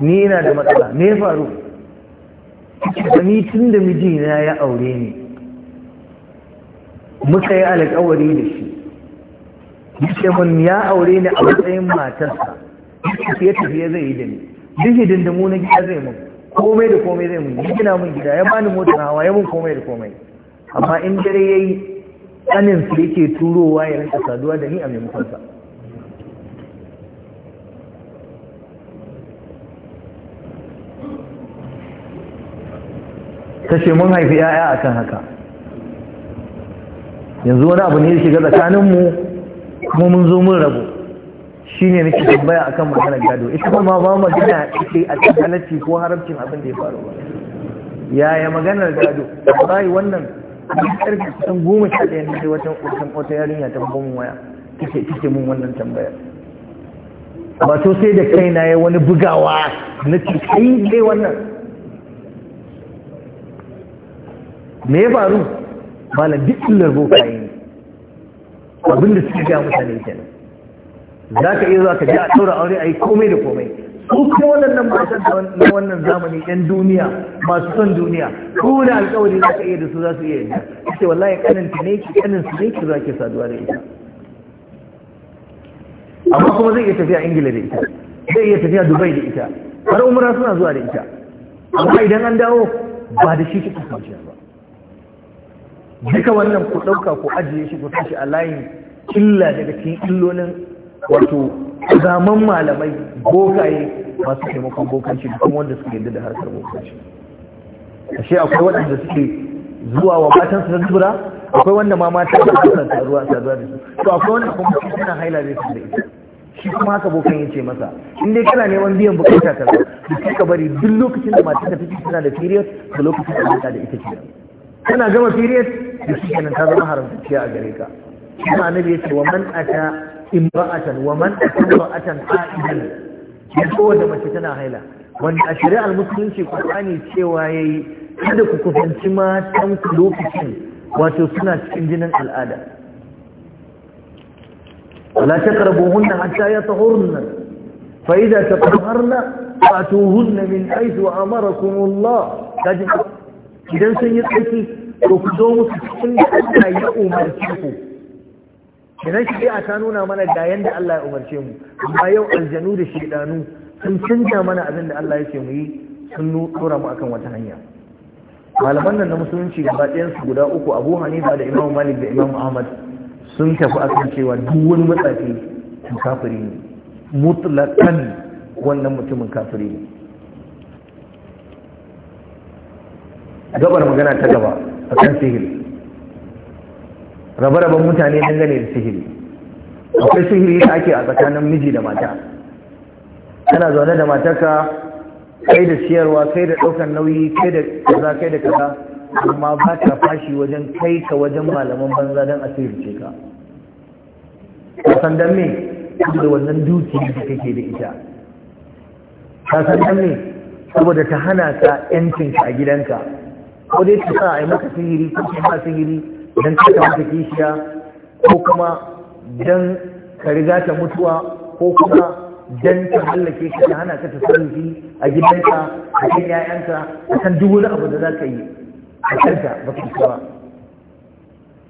ni ina da matsala me faru ba ni tun da mijina ya aure ni muka yi alƙawari da shi yace mun ya aure ni a matsayin matarsa tafiye tafiye zai yi da ni dihidin da mu na gida zai mun komai da komai zai mun gina mun gida ya bani motar hawa ya mun komai da komai amma in dare yi tsanin su yake turowa ya rinka saduwa da ni a maimakon sa ce mun haifi 'ya'ya a kan haka yanzu wani abu ne ya shiga mu kuma mun zo mun rabu shi ne nake tambaya akan maganar gado ita kuma ba mu magana ita a cikin halarci ko haramcin abin da ya faru ba yaya maganar gado bai wannan karfe kusan goma sha ɗaya ne sai wata wata yarinya ta gomin waya Kike kike mun wannan tambayar to sai da kaina ya wani bugawa na ce kai ne wannan me ya faru malam duk illar bokaye ne abin da suke gaya mutane kenan za ka iya zuwa ka ji a ɗaura aure a yi komai da komai su kuma waɗannan matan na wannan zamani yan duniya masu son duniya ko wani alƙawari za ka iya da su za su iya yadda ce wallahi kanin ta ne ki kanin su ne ki za ki saduwa da ita amma kuma zai iya tafiya ingila da ita zai iya tafiya dubai da ita har umara suna zuwa da ita amma idan an dawo ba da shi kika kwanciya ba duka wannan ku ɗauka ku ajiye shi ku tashi a layin illa daga cikin illolin wato zaman malamai bokaye masu taimakon bokanci da kuma wanda suke yadda da harkar bokanci ashe akwai waɗanda suke zuwa wa matan su zubura akwai wanda ma mata da suka saduwa saduwa da su to akwai wanda kuma shi suna haila zai da ita shi kuma haka bokan ya ce masa in dai kana neman biyan bukata kaza da ka bari duk lokacin da matar ta take tana da period da lokacin da mata da ita kenan kana gama period da shi kenan ta zama haramtacciya a gare ka kuma annabi yace wa man ata imra'atan wa man ata imra'atan ha'idan ya kowace mace tana haila wanda a shari'ar musulunci Qur'ani cewa yayi kada ku kusanci matan ku lokacin wato suna cikin jinin al'ada wala taqrabuhunna hatta yatahurna fa idza tataharna fa'tuhunna min haythu amarakum Allah kaji idan sun yi tsarki to ku zo musu cikin da Allah ya umarce ku idan a ta nuna mana da yanda Allah ya umarce mu amma yau aljanu da shedanu sun canja mana abin da Allah ya ce mu yi sun tura mu akan wata hanya malaman nan na musulunci gaba ɗayan su guda uku Abu Hanifa da Imam Malik da Imam Ahmad sun tafi akan cewa duk wani matsafi kafiri ne mutlaqan wannan mutumin kafiri ne gabar magana ta gaba a kan sihiri rabe-raben mutane dangane da sihiri akwai sihiri da ake a tsakanin miji da mata kana zaune da matarka kai da siyarwa kai da ɗaukar nauyi kai da kaza kai da kaza amma ba ta fashi wajen kai ka wajen malaman banza don asiri ce ka kasan dan me da wannan duki da kake da ita kasan dan me saboda ta hana ka 'yancinka a gidanka ko dai ta sa a yi maka sihiri ko ta ma sihiri don ta mata kishiya ko kuma don ka riga ta mutuwa ko kuma don ta hallake ka ta hana ka ta sarrafi a gidanka a kan 'ya'yanka a kan duk wani abu da za ka yi a kanta ba ka ba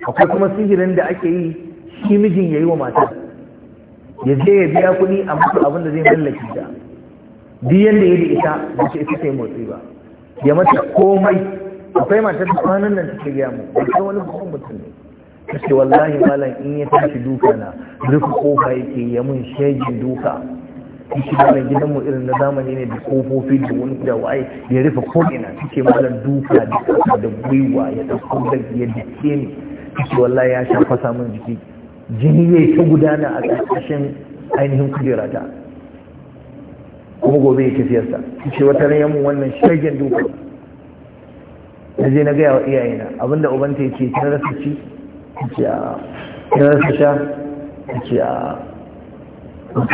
akwai kuma sihirin da ake yi shi mijin ya yi wa matar ya je ya biya kuɗi a mutu abin da zai mallake ta duk yadda ya da ita ba ta isa ta yi motsi ba ya mata komai akwai matar da kwanan nan cikin gaya mu akwai wani babban mutum ne kace wallahi malam in ya tashi duka na duka kofa yake ya mun shegin duka shi malam gidan mu irin na zamani ne da kofofi da wani da wai ya rufe ko ina malam duka da da gwiwa ya da ya dake ni kace wallahi ya sha fasa mun jiki jini ya ta gudana a ƙarƙashin ainihin kujera ta kuma gobe ya tafiyarsa kace wata ran wannan shagen duka na je na gaya wa iyayena abinda ubanta ya ce kin rasa ci a ce a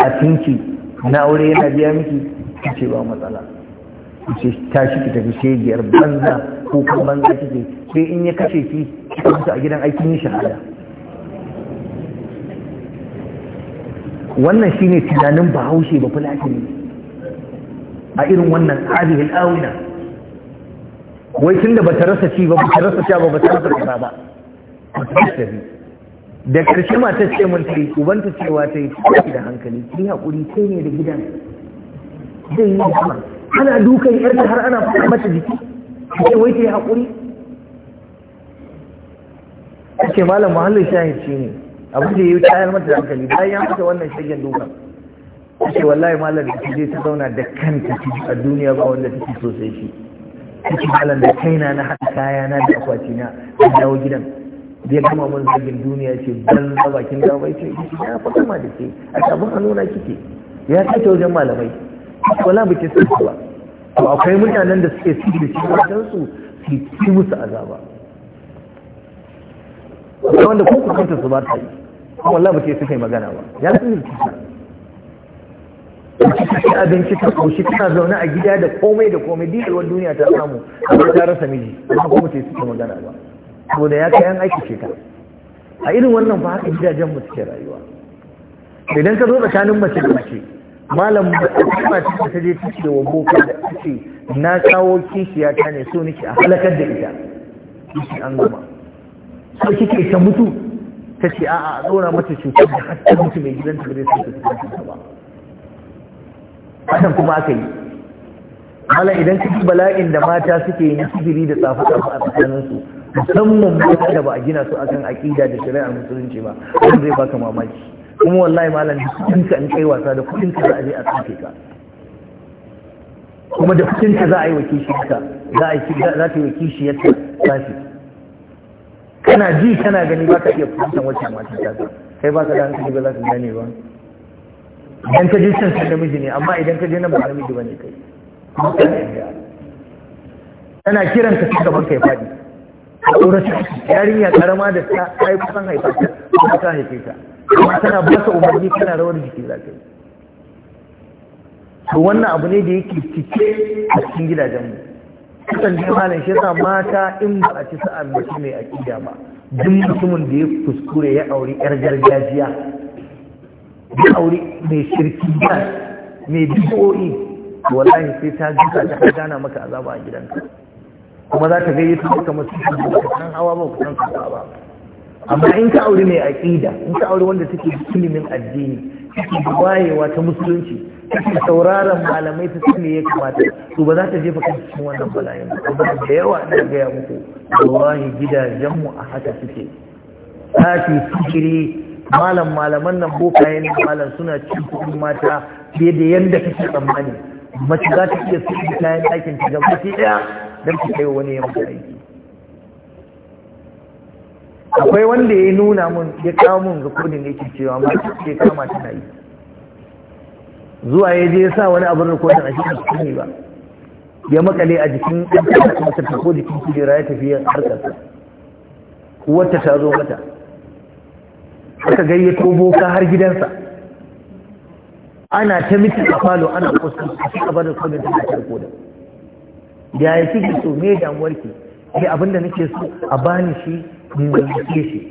na aure yana biya miki ce ba matsala ce tashi ki tafi biyar banza ko kan banza kike sai in ya kashe ki kika mutu a gidan aikin yi shahada wannan shine tunanin bahaushe ba fulani a irin wannan hadihil awina wai da ba ta rasa ci ba ba ta rasa ci ba ba ta rasa kasa ba da ƙarshe matar ce mun ta yi ubanta cewa ta yi ciki da hankali ki haƙuri kai ne da gidan zai yi kuma ana dukan yar har ana fara mata jiki ce wai ta yi haƙuri ta ce malam muhallin shahid shi ne abu da ya yi tayar mata da hankali bayan ya fita wannan shagen dukan ta ce wallahi malam da ta zai ta zauna da kanta a duniya ba wanda take so sai shi cikin halar da kaina na haɗa kaya na da akwati na da dawo gidan ya gama mun zagin duniya ce ban da bakin dawo bai ce ya faɗa ma da ke a sabon hannuna kike ya kace wajen malamai wala ba ke san ba to akwai mutanen da suke su da cikin wajen su su yi musu azaba wanda ko ku kanta su ba ta yi wala ba ke su kai magana ba ya san da ci abinci ta kaushi tana zaune a gida da komai da komai diyarwar duniya ta samu amma ta rasa miji amma kuma ce suke magana ba da ya kayan aiki ce ta a irin wannan ba haka gidajen mu suke rayuwa idan ka zo tsakanin mace da mace malam ba ta ta je ta wa boka da ta ce na kawo kishiya ta ne so nake a halakar da ita kishi an gama so kike ta mutu ta ce a'a a tsora mata cutar da har ta mutu mai gidanta ba zai ta ba hakan kuma aka yi mala idan kiki bala'in da mata suke yi na sihiri da tsafi-tsafi a su musamman mata da ba a gina su akan aƙida da shari'a musulunci ba wannan zai baka mamaki kuma wallahi malam kin ka in kai wasa da ka za a je a tsafe ka kuma da ka za a yi wa ka za a yi wa kishiyarka tsafi kana ji kana gani baka iya fahimtar wacce mata ta kai ka da hankali ba za ka gane ba idan ka je can san namiji ne amma idan ka je na ba miji bane kai tana kiran ka gaban kai fadi tsorata yarinya karama da ta kai kusan haifa ta kuma ta haife ta amma tana ba ta umarni tana rawar jiki za ka yi to wannan abu ne da yake cike a cikin gidajen mu kusan je malam shi yasa mata in ba a ci sa'ar mace mai aƙida ba duk mutumin da ya kuskure ya auri yar gargajiya bi aure mai shirki ba mai bid'o'i wallahi sai ta jika ta gana maka azaba a gidanka kuma za ta gayyato maka shi da kan hawa ba ku san ba amma in ka aure mai aƙida, in ka aure wanda take ilimin addini take wayewa ta musulunci take sauraron malamai ta sune ya kamata to ba za ta jefa kan cikin wannan bala'in ba amma da yawa ina gaya muku wallahi gidajenmu a haka suke sati sikiri malam malaman nan bokaye ne malam suna cin kuɗin mata fiye da yadda kake tsammani mace za ta iya su kayan ɗakin ta gaba ki ɗaya don ta kai wani yamma aiki akwai wanda ya nuna mun ya kawo mun ga kodin da yake cewa ma ce kama tana yi zuwa ya je ya sa wani abin rikodin a cikin ne ba ya makale a jikin ɗan ƙasa ta ko jikin kujera ya tafi yin harkarsa wata ta zo mata aka gayyato boka har gidansa ana ta miki a falo ana kusan a cika bada kwamin da ta riko da ya yi so me ki, sai abin da nake so a bani shi mu mallake shi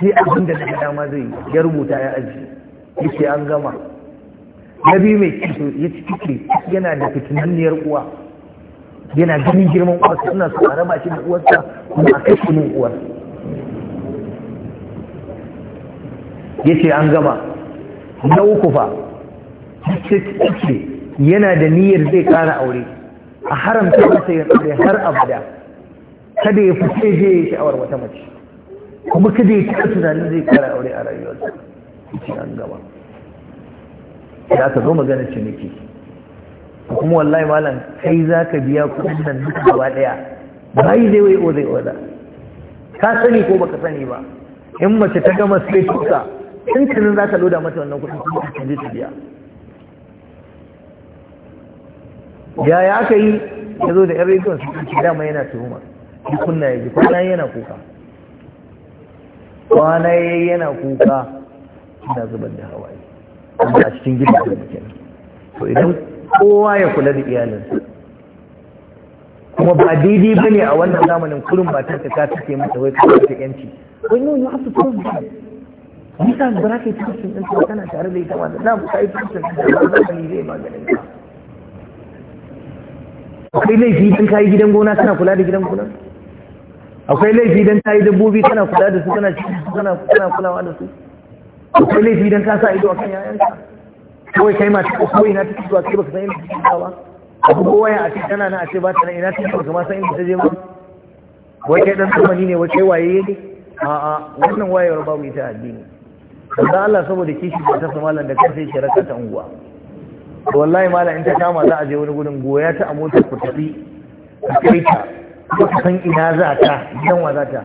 sai abin da nake dama zai ya rubuta ya aji yake an gama na biyu mai kiso ya ci kike yana da niyar uwa yana ganin girman uwarsa suna so a raba shi da uwarsa kuma a kai min uwarsa ce an gama na uku fa ce yana da niyyar zai kara aure a haramta masa yin aure har abada kada ya fice je ya sha'awar wata mace kuma kada ya kira tunanin zai kara aure a rayuwarsa ce an gama ya ka zo magana ciniki kuma wallahi malam kai za ka biya kuɗin nan duka gaba ɗaya bayi zai wai o zai ka sani ko baka sani ba in mace ta gama sai tuka tuntunin za ka loda mata wannan kuɗin kuma a canje ta biya ya ya aka yi ya zo da yan rediyon su kanci dama yana tuhuma ya kunna ya ji kwana yana kuka kwana yana kuka ina zubar da hawaye amma a cikin gida da mutum to idan kowa ya kula da iyalinsa kuma ba daidai ba ne a wannan zamanin kurin ba ta ta take mata wai kawai ta yanci wai no ya have to nisa ba za ka yi turistin ɗin kuma kana tare da ita ba na ba ka yi turistin ɗin ba za ka yi zai maganin ka akwai laifi idan ka yi gidan gona kana kula da gidan gona akwai laifi idan ka yi dabbobi kana kula da su kana kana kulawa da su akwai laifi idan ka sa ido a kan yayanka kawai kai ma ta ko ina ta zuwa kai baka san inda take ba abu ko waya ce tana na a ce ba ta nan ina ta baka ma san inda ta je ba wai kai dan zamani ne wai kai waye ne a'a wannan wayewar babu ita addini da Allah saboda kishi ba ta malam da sai ki raka ta unguwa to wallahi malam in ta kama za a je wani gudun. goya ta a motar ku tafi ka kai ta ko ka san ina za ta gidan wa za ta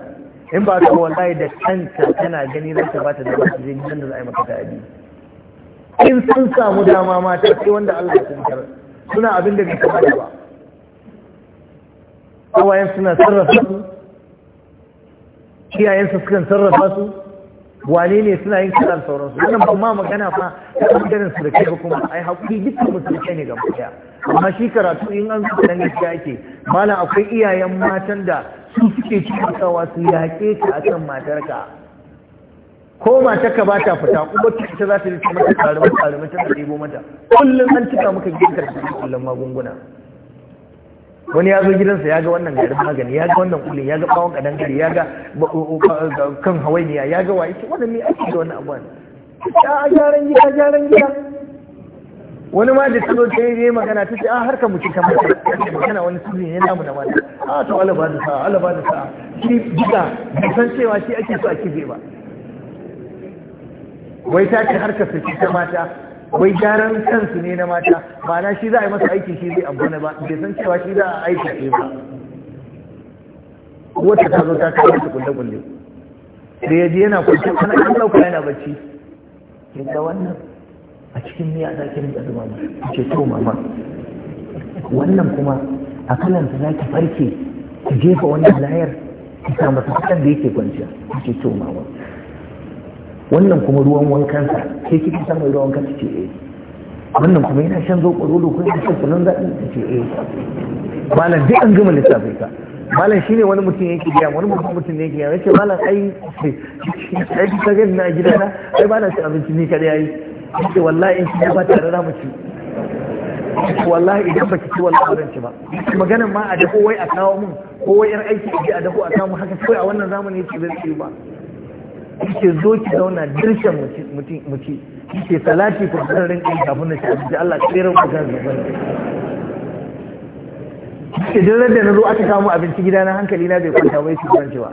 in ba ta wallahi da kanta tana gani za ta ba ta da ba ta je gidan da za a yi maka ta'adi in sun samu dama ta sai wanda Allah ya kunkar suna abin da bai kamata ba kawayen suna sarrafa su iyayensu sukan sarrafa su wane ne suna yin kalan sauransu wannan ban ma magana fa ta ɓangaren su da ke ba kuma ai hakuri dukkan musulunci ne ga mutaya amma shi karatu in an zuwa nan gaskiya ake malam akwai iyayen matan da su suke cikawa su yaƙe ka akan matarka ko ka ba ta fita kuma ta za ta yi mata karumi karumi ta ɗebo mata kullum an cika maka gidan karfi kullum magunguna wani ya zo gidansa ya ga wannan garin magani ya ga wannan kulin ya ga bawon kadangare ya ga kan hawainiya ya ga waye yake wannan ne ake da wannan abuwa a gyaran gida gyaran gida wani ma da tazo ta yi magana ta ce a ah, harkar mutum kan mutum magana wani sirri ne namu na mata a ah, to alaba da sa'a alaba da sa'a shi gida bai san cewa shi ake so a kibe ba wai ta ce harkar su ta mata wai gyaran kansu ne na mata Ba na shi za a yi masa aiki shi zai amfana ba bai san cewa shi za a aiki ne ba wata ta zo ta kai masa kulle-kulle da ya ji yana kwanci ana kan ɗauka yana bacci yadda wannan a cikin miya za ki rinka zuba mu ce to mama wannan kuma a kanansa za ki farke ki jefa wannan layar ki samu masa da yake kwanciya ki ce to mama wannan kuma ruwan wankansa sai kika san mai ruwan kansa ce eh wannan kuma yana shan zo ƙwarolo ko yana shan salon zaɓi ta ce eh malam duk an gama lissafi ka malam ne wani mutum yake gaya wani mutum mutum ne yake gaya yace malam ai ai ka gani na gida na ai ba na ci abinci ni kada yayi yace wallahi in ya ba tare da mu ci wallahi idan baki ci wallahi zan ci ba maganan ma a dafo wai a kawo mun ko wai yar aiki a dafo a kawo mun haka kawai a wannan zamani yake zai ci ba kike zo ki zauna dirshan muci kike salati ku kan rinka yi kafin na shi Allah tsere ku ga zuban kike dirar da na zo aka samu abinci gida na hankali na bai kwanta bai ci kwanci ba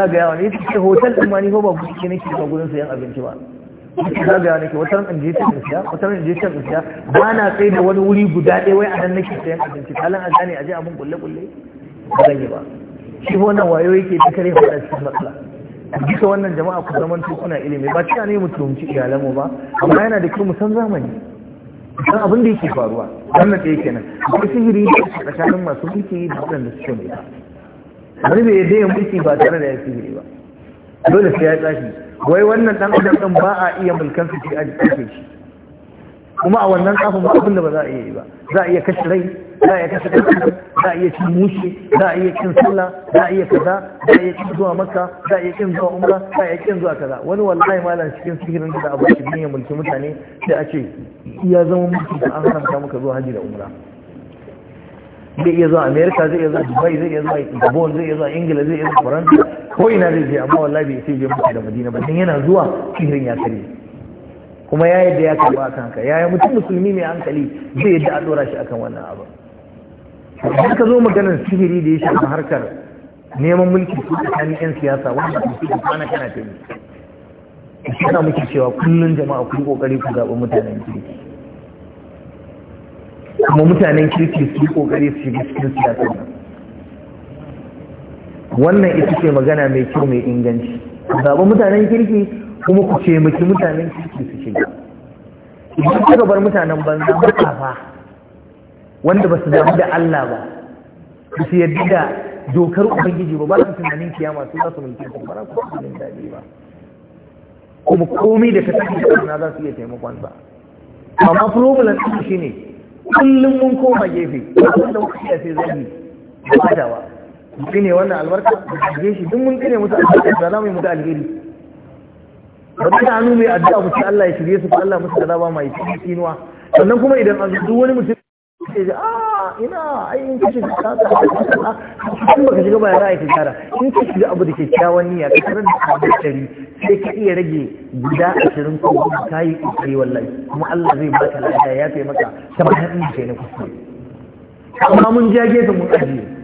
yake wa ne kike hotel din ma ni ko ba ku ke nake ba gurin sayan abinci ba yake zagayawa nake wata ran je ta siya wata ran je ta siya ba na tsaye da wani wuri guda ɗaya wai a nan nake sayan abinci kalan a gane aje abun abin kulle kulle ba zan yi ba shi wannan wayo yake ta kare fara cikin matsala duka wannan jama'a ku zaman kuna ilimi ba cewa ne mutum ci iyalanmu ba amma yana da kyau mu san zamani san abin da yake faruwa na tsaye kenan akwai sihiri da ke tsakanin masu mulki da da suke ba wani bai yadda ya mulki ba tare da ya sihiri ba dole sai ya tsafi wai wannan ɗan adam ɗin ba a iya su ke a kake shi kuma a wannan kafin ba abin da ba za a iya yi ba za a iya kashe rai za a iya kashe kashe za a iya cin mushe za a iya cin sallah za a iya kaza za a iya cin zuwa makka za a iya cin zuwa umra za a iya cin zuwa kaza wani wallahi malam cikin sihirin da abu shi ne ya mulki mutane sai a ce ya zama mulki da an haramta maka zuwa haji da umra zai iya zuwa america zai iya zuwa dubai zai iya zuwa gabon zai iya zuwa ingila zai iya zuwa faransa ko ina zai je amma wallahi bai sai je mutu da madina ba dan yana zuwa sihirin ya kare kuma ya yadda ya karba a kanka yi mutum musulmi mai hankali zai yadda a dora shi akan wannan abu idan ka zo maganar sihiri da ya shafi harkar neman mulki su tsakanin yan siyasa wanda su cikin kwana kana ta yi suna muke cewa kullum jama'a ku yi kokari ku zaɓi mutanen kirki kuma mutanen kirki su yi kokari su shiga cikin siyasa nan wannan ita ce magana mai kyau mai inganci zaɓi mutanen kirki kuma ku ce miki mutanen kirki su shiga idan kuka bar mutanen banza matsafa wanda ba su damu da Allah ba ba su yadda da dokar ubangiji ba ba su tunanin kiyama su za su mulki su ba ku tunanin daɗi ba kuma komai da ka tafi da na za su iya taimakon ba. amma problem ɗin shi ne kullum mun koma gefe wanda muka iya sai zai ba da ba shi ne wannan albarka da shi duk mun tsire musu albarka da za mu yi mutu alheri ba da hannu mai addu'a ku ce Allah ya shirye su ko Allah musu azaba mai tsinuwa sannan kuma idan an zuwa wani mutum ya ce a ah, ina ai in kace ka a cikin baka shiga ba ya ra'ayi tijara in ka shiga abu da ke kyawun niyya ka tarar da da shari sai ka iya rage guda ashirin ko ka yi kai wallahi kuma Allah zai baka lafiya ya fi maka ta bayan in na kusa. amma mun jage ta mun ajiye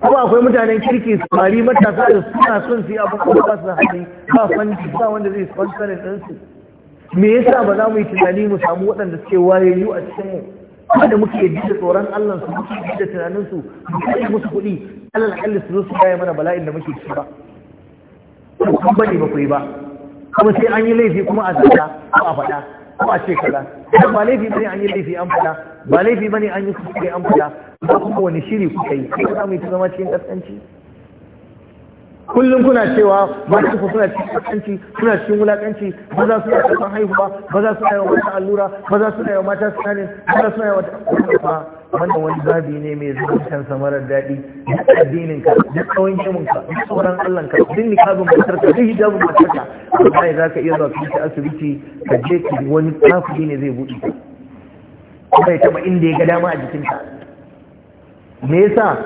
kuma akwai mutanen kirki samari matasa da suna son su yi abin kuma ba su da hali ba fanci ba wanda zai sponsorin su. me yasa ba za mu yi tunani mu samu waɗanda suke wayayyu a cikin mu da muke yi da tsoron Allah su muke yi da tunanin su mu kai musu kuɗi Allah akalli su zo su gaya mana bala'in da muke ci ba kun bane ba ku yi ba kuma sai an yi laifi kuma a zata ko a faɗa ko a ce kaza ba laifi bane an yi laifi an faɗa ba laifi bane an yi kuskure an fada ba kuma wani shiri kuka yi kai za mu yi ta zama cikin kaskanci kullum kuna cewa su ku suna cikin kaskanci suna cikin wulakanci ba za su yi karban haihuwa ba za su yi wa mata allura ba za su yi wa mata sanin ba za su yi wa kuma wannan wani zabi ne mai zaman kansa marar daɗi duk addinin ka duk tsawon jimin ka duk sauran allon ka duk nikabin matar ka duk hijabin matar ka amma za ka iya zuwa asibiti ka je wani kafiri ne zai buɗe ka kuma ya taba inda ya ga dama a jikinta. me yasa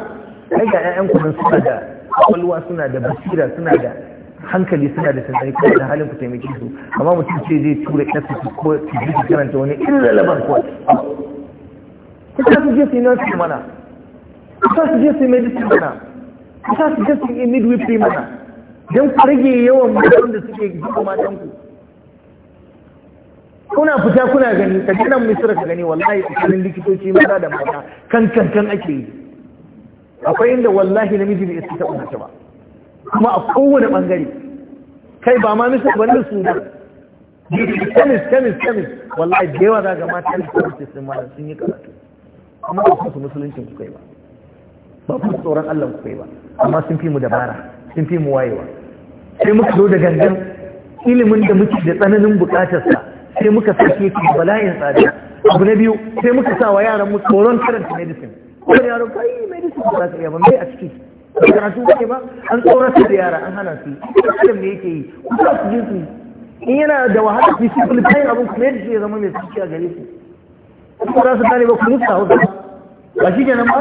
kai ga ƴaƴan ku suna da kwalwa suna da basira suna da hankali suna da tunani kuma da halin ku taimake su amma mutum ce zai tura ƙasa su ko su ji karanta wani irrelevant course ku sa su je su yi nurse mana ku sa su je su yi medicine mana ku sa su je su yi midwifery mana don ku rage yawan mutum da suke jikin ku. kuna fita kuna gani ka gina misira ka gani wallahi tsakanin likitoci mata da mata kan kan kan ake yi akwai inda wallahi namiji bai isa taɓa ta ba kuma a kowane ɓangare kai ba ma misir ba su ba kemis kamis kamis wallahi da yawa za ga mata da kwanci sun mara sun yi karatu amma ba ku musuluncin ku kai ba ba ku tsoron Allah ku kai ba amma sun fi mu dabara sun fi mu wayewa sai muka zo da gangan ilimin da muke da tsananin bukatarsa sai muka sa ke bala'in tsada abu na biyu sai muka sa wa yaran mu tsoron karanta medicine wani yaro kai medicine ba za ka iya ba mai a ciki karatu ke ba an tsorata da yara an hana su adam ne yake yi kusa su je su in yana da wahala su shi kulkayin abin kuma yadda ya zama mai suke a gare su kuma za su gane ba ku musu hausa ba shi kenan ba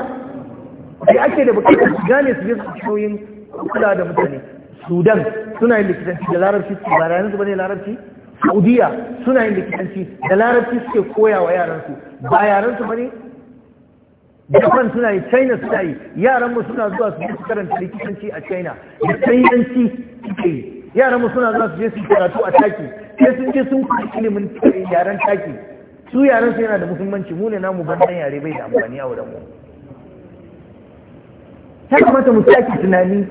sai ake da bukatar su gane su je su nauyin kula da mutane sudan suna yin likitanci da larabci ba da yanzu ba ne larabci saudiya suna yin likitanci da larabci suke koya wa yaransu ba yaransu ba ne japan suna yi china suna yi yaranmu suna zuwa su je karanta likitanci a china da tsayyanci suke yi yaranmu suna zuwa su je su karatu a taki sai sun je sun kuma ilimin yaran taki su yaran su yana da muhimmanci mu ne namu dan yare bai da amfani a wurin mu Ta kamata mu sake tunani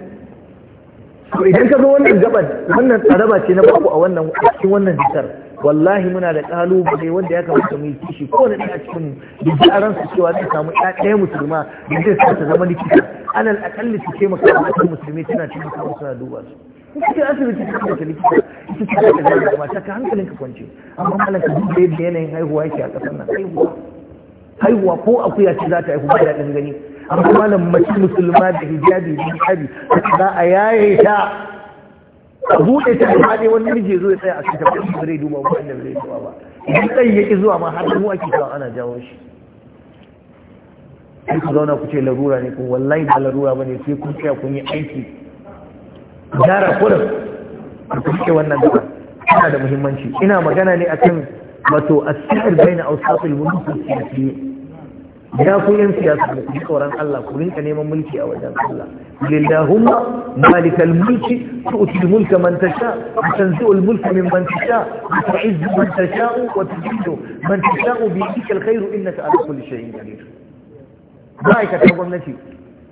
to idan ka zo wannan gaban wannan tsaraba ce na babu a wannan cikin wannan jikar wallahi muna da kalubale wanda ya kamata mu yi kishi ko wani a cikin da a su cewa zai samu ɗaya musulma da zai sa ta zama likita alal akalli su ce maka wani musulmi tana cikin kawo suna duba su cikin asibiti ta likita ita ce ta zama da mata ka hankalin ka kwance amma malam duk da yadda yanayin haihuwa yake a ƙasar nan haihuwa haihuwa ko akuya ce za ta haihu ba daɗin gani amma malam mace musulma da hijabi da hijabi za a yaye ta a buɗe ta ne wani miji zo ya tsaya a cikin tafiya da zai duba wani da zai zuwa ba idan tsayi ya ƙi zuwa ma har mu ake kawo ana jawo shi sai ku zauna ku ce larura ne ku wallahi ba larura ba ne sai kun tsaya kun yi aiki gyara kurin ku ce wannan da yana da muhimmanci ina magana ne akan wato asihir baina awsafil muluk siyasi ya ku yan siyasa da tsoron Allah ku rinka neman mulki a wajen Allah lillahumma malikal mulki tu'ti mulka man tasha wa tanzi'ul mulka man tasha wa tu'izzu man tasha wa tu'izzu man tasha bi ikal khairu innaka ala kulli shay'in qadir ma'aikatan gwamnati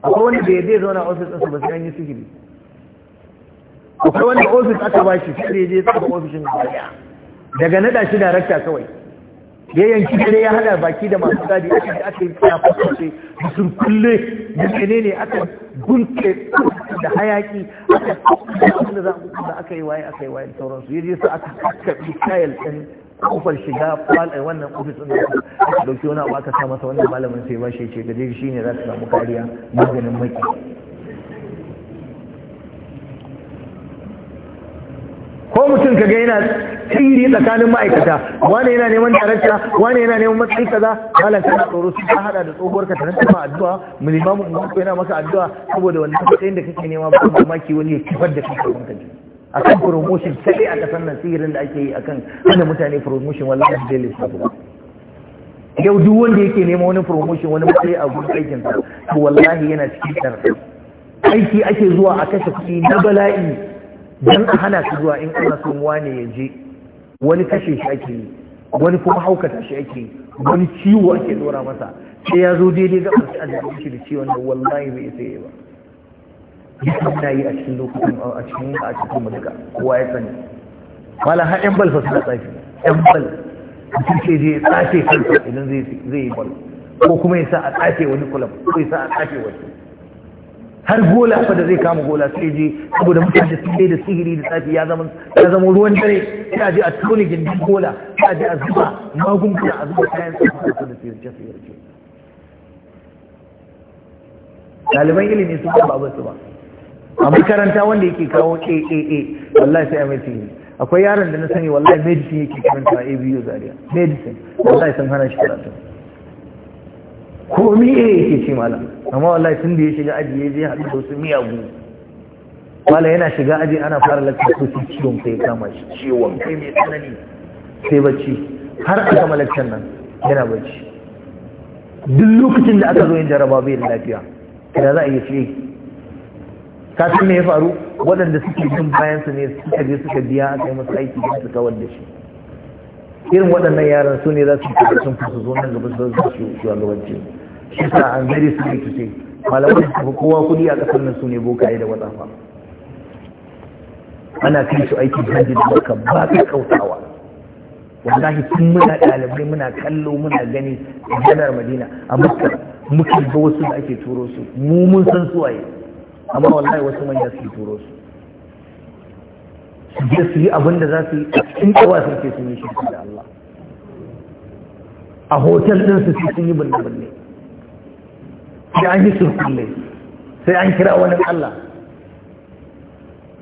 akwai wani da zai zauna ofis ɗinsu ba sai an yi sihiri akwai wani ofis aka ba shi sai ya je tsaka ofishin gaba daga nada shi director kawai da yanki dare ya hada baki da masu gadi a cikin aka yi tsaya fasashe da kulle da ne ne aka gunke da hayaki aka kuma da za a da aka yi waye aka yi waye da sauransu ya je su aka kakkaɓi tayal ɗin kofar shiga falai eh, wannan ofis ɗin da aka ɗauki wani abu aka sa masa wannan malamin sai ba shi ce jirgi shi ne za su samu kariya maganin maki ko mutum ka ga yana iri tsakanin ma'aikata wane yana neman darakta wane yana neman matsayi kaza malam kana tsoro su ka hada da tsohuwar ka tana ma addu'a mu limamu mu ko yana maka addu'a saboda wani matsayin da kake nema ba mamaki wani ya kifar da kake wanka ji akan promotion sai a kasan nan sihirin da ake yi akan hana mutane promotion wallahi da lissafi yau duk wanda yake neman wani promotion wani matsayi a gurin aikin sa to wallahi yana cikin tsarki aiki ake zuwa a kashe kuɗi na bala'i don a hana su zuwa in ana son wane ya je wani kashe shi ake yi wani kuma haukata shi ake yi wani ciwo ake dora masa sai ya zo daidai ga masu a jikin shi da ciwon da wallahi bai isa yi ba duk na yi a cikin lokacin a cikin a cikin maduka kowa ya sani mala har yan bal fa suna tsafi yan bal mutum ce zai tsafe kansa idan zai yi bal ko kuma ya sa a tsafe wani kulab ko ya sa a tsafe wani har gola fa da zai kama gola sai je saboda mutane su da sihiri da safi ya zama ya zama ruwan dare ya je a tone gindin gola ya je a zuba magunguna a zuba kayan tsafi da su sihirce sihirce ɗaliban ilimi su ba ba su ba a makaranta wanda yake kawo aaa wallahi sai a mai sihiri akwai yaron da na sani wallahi medicine yake karanta a abu zaria medicine wallahi sun hana shi karatu komi iya yake ce mala? amma wallahi tun da ya shiga aji ya je haɗu da wasu miyagu wala yana shiga aji ana fara lakta sosai ciwon kai kama shi ciwon kai mai tsanani sai bacci har aka gama lakcin nan yana bacci duk lokacin da aka zo yin jaraba bai da lafiya Ina za a iya ce ka san me ya faru waɗanda suke jin bayan su ne suka je suka biya aka yi masu aiki da suka wanda shi irin waɗannan yaran su ne za su yi sun su zo nan gaba su zo su yi shugabanci Shisa a zai very sorry to say malamai su tafi kowa kudi a ƙasar nan su ne bokaye da watsafa ana kai su aikin hajji da baka ba ka kautawa wallahi tun muna ɗalibai muna kallo muna gani a janar madina a makka muke ba wasu da ake turo su mu mun san suwaye amma wallahi wasu manya su turo su su je su yi abin da za su yi a cikin kowa sun ce sun yi shirka da Allah a hotel ɗin su sun yi bulle binne sai an yi surkulle sai an kira wani Allah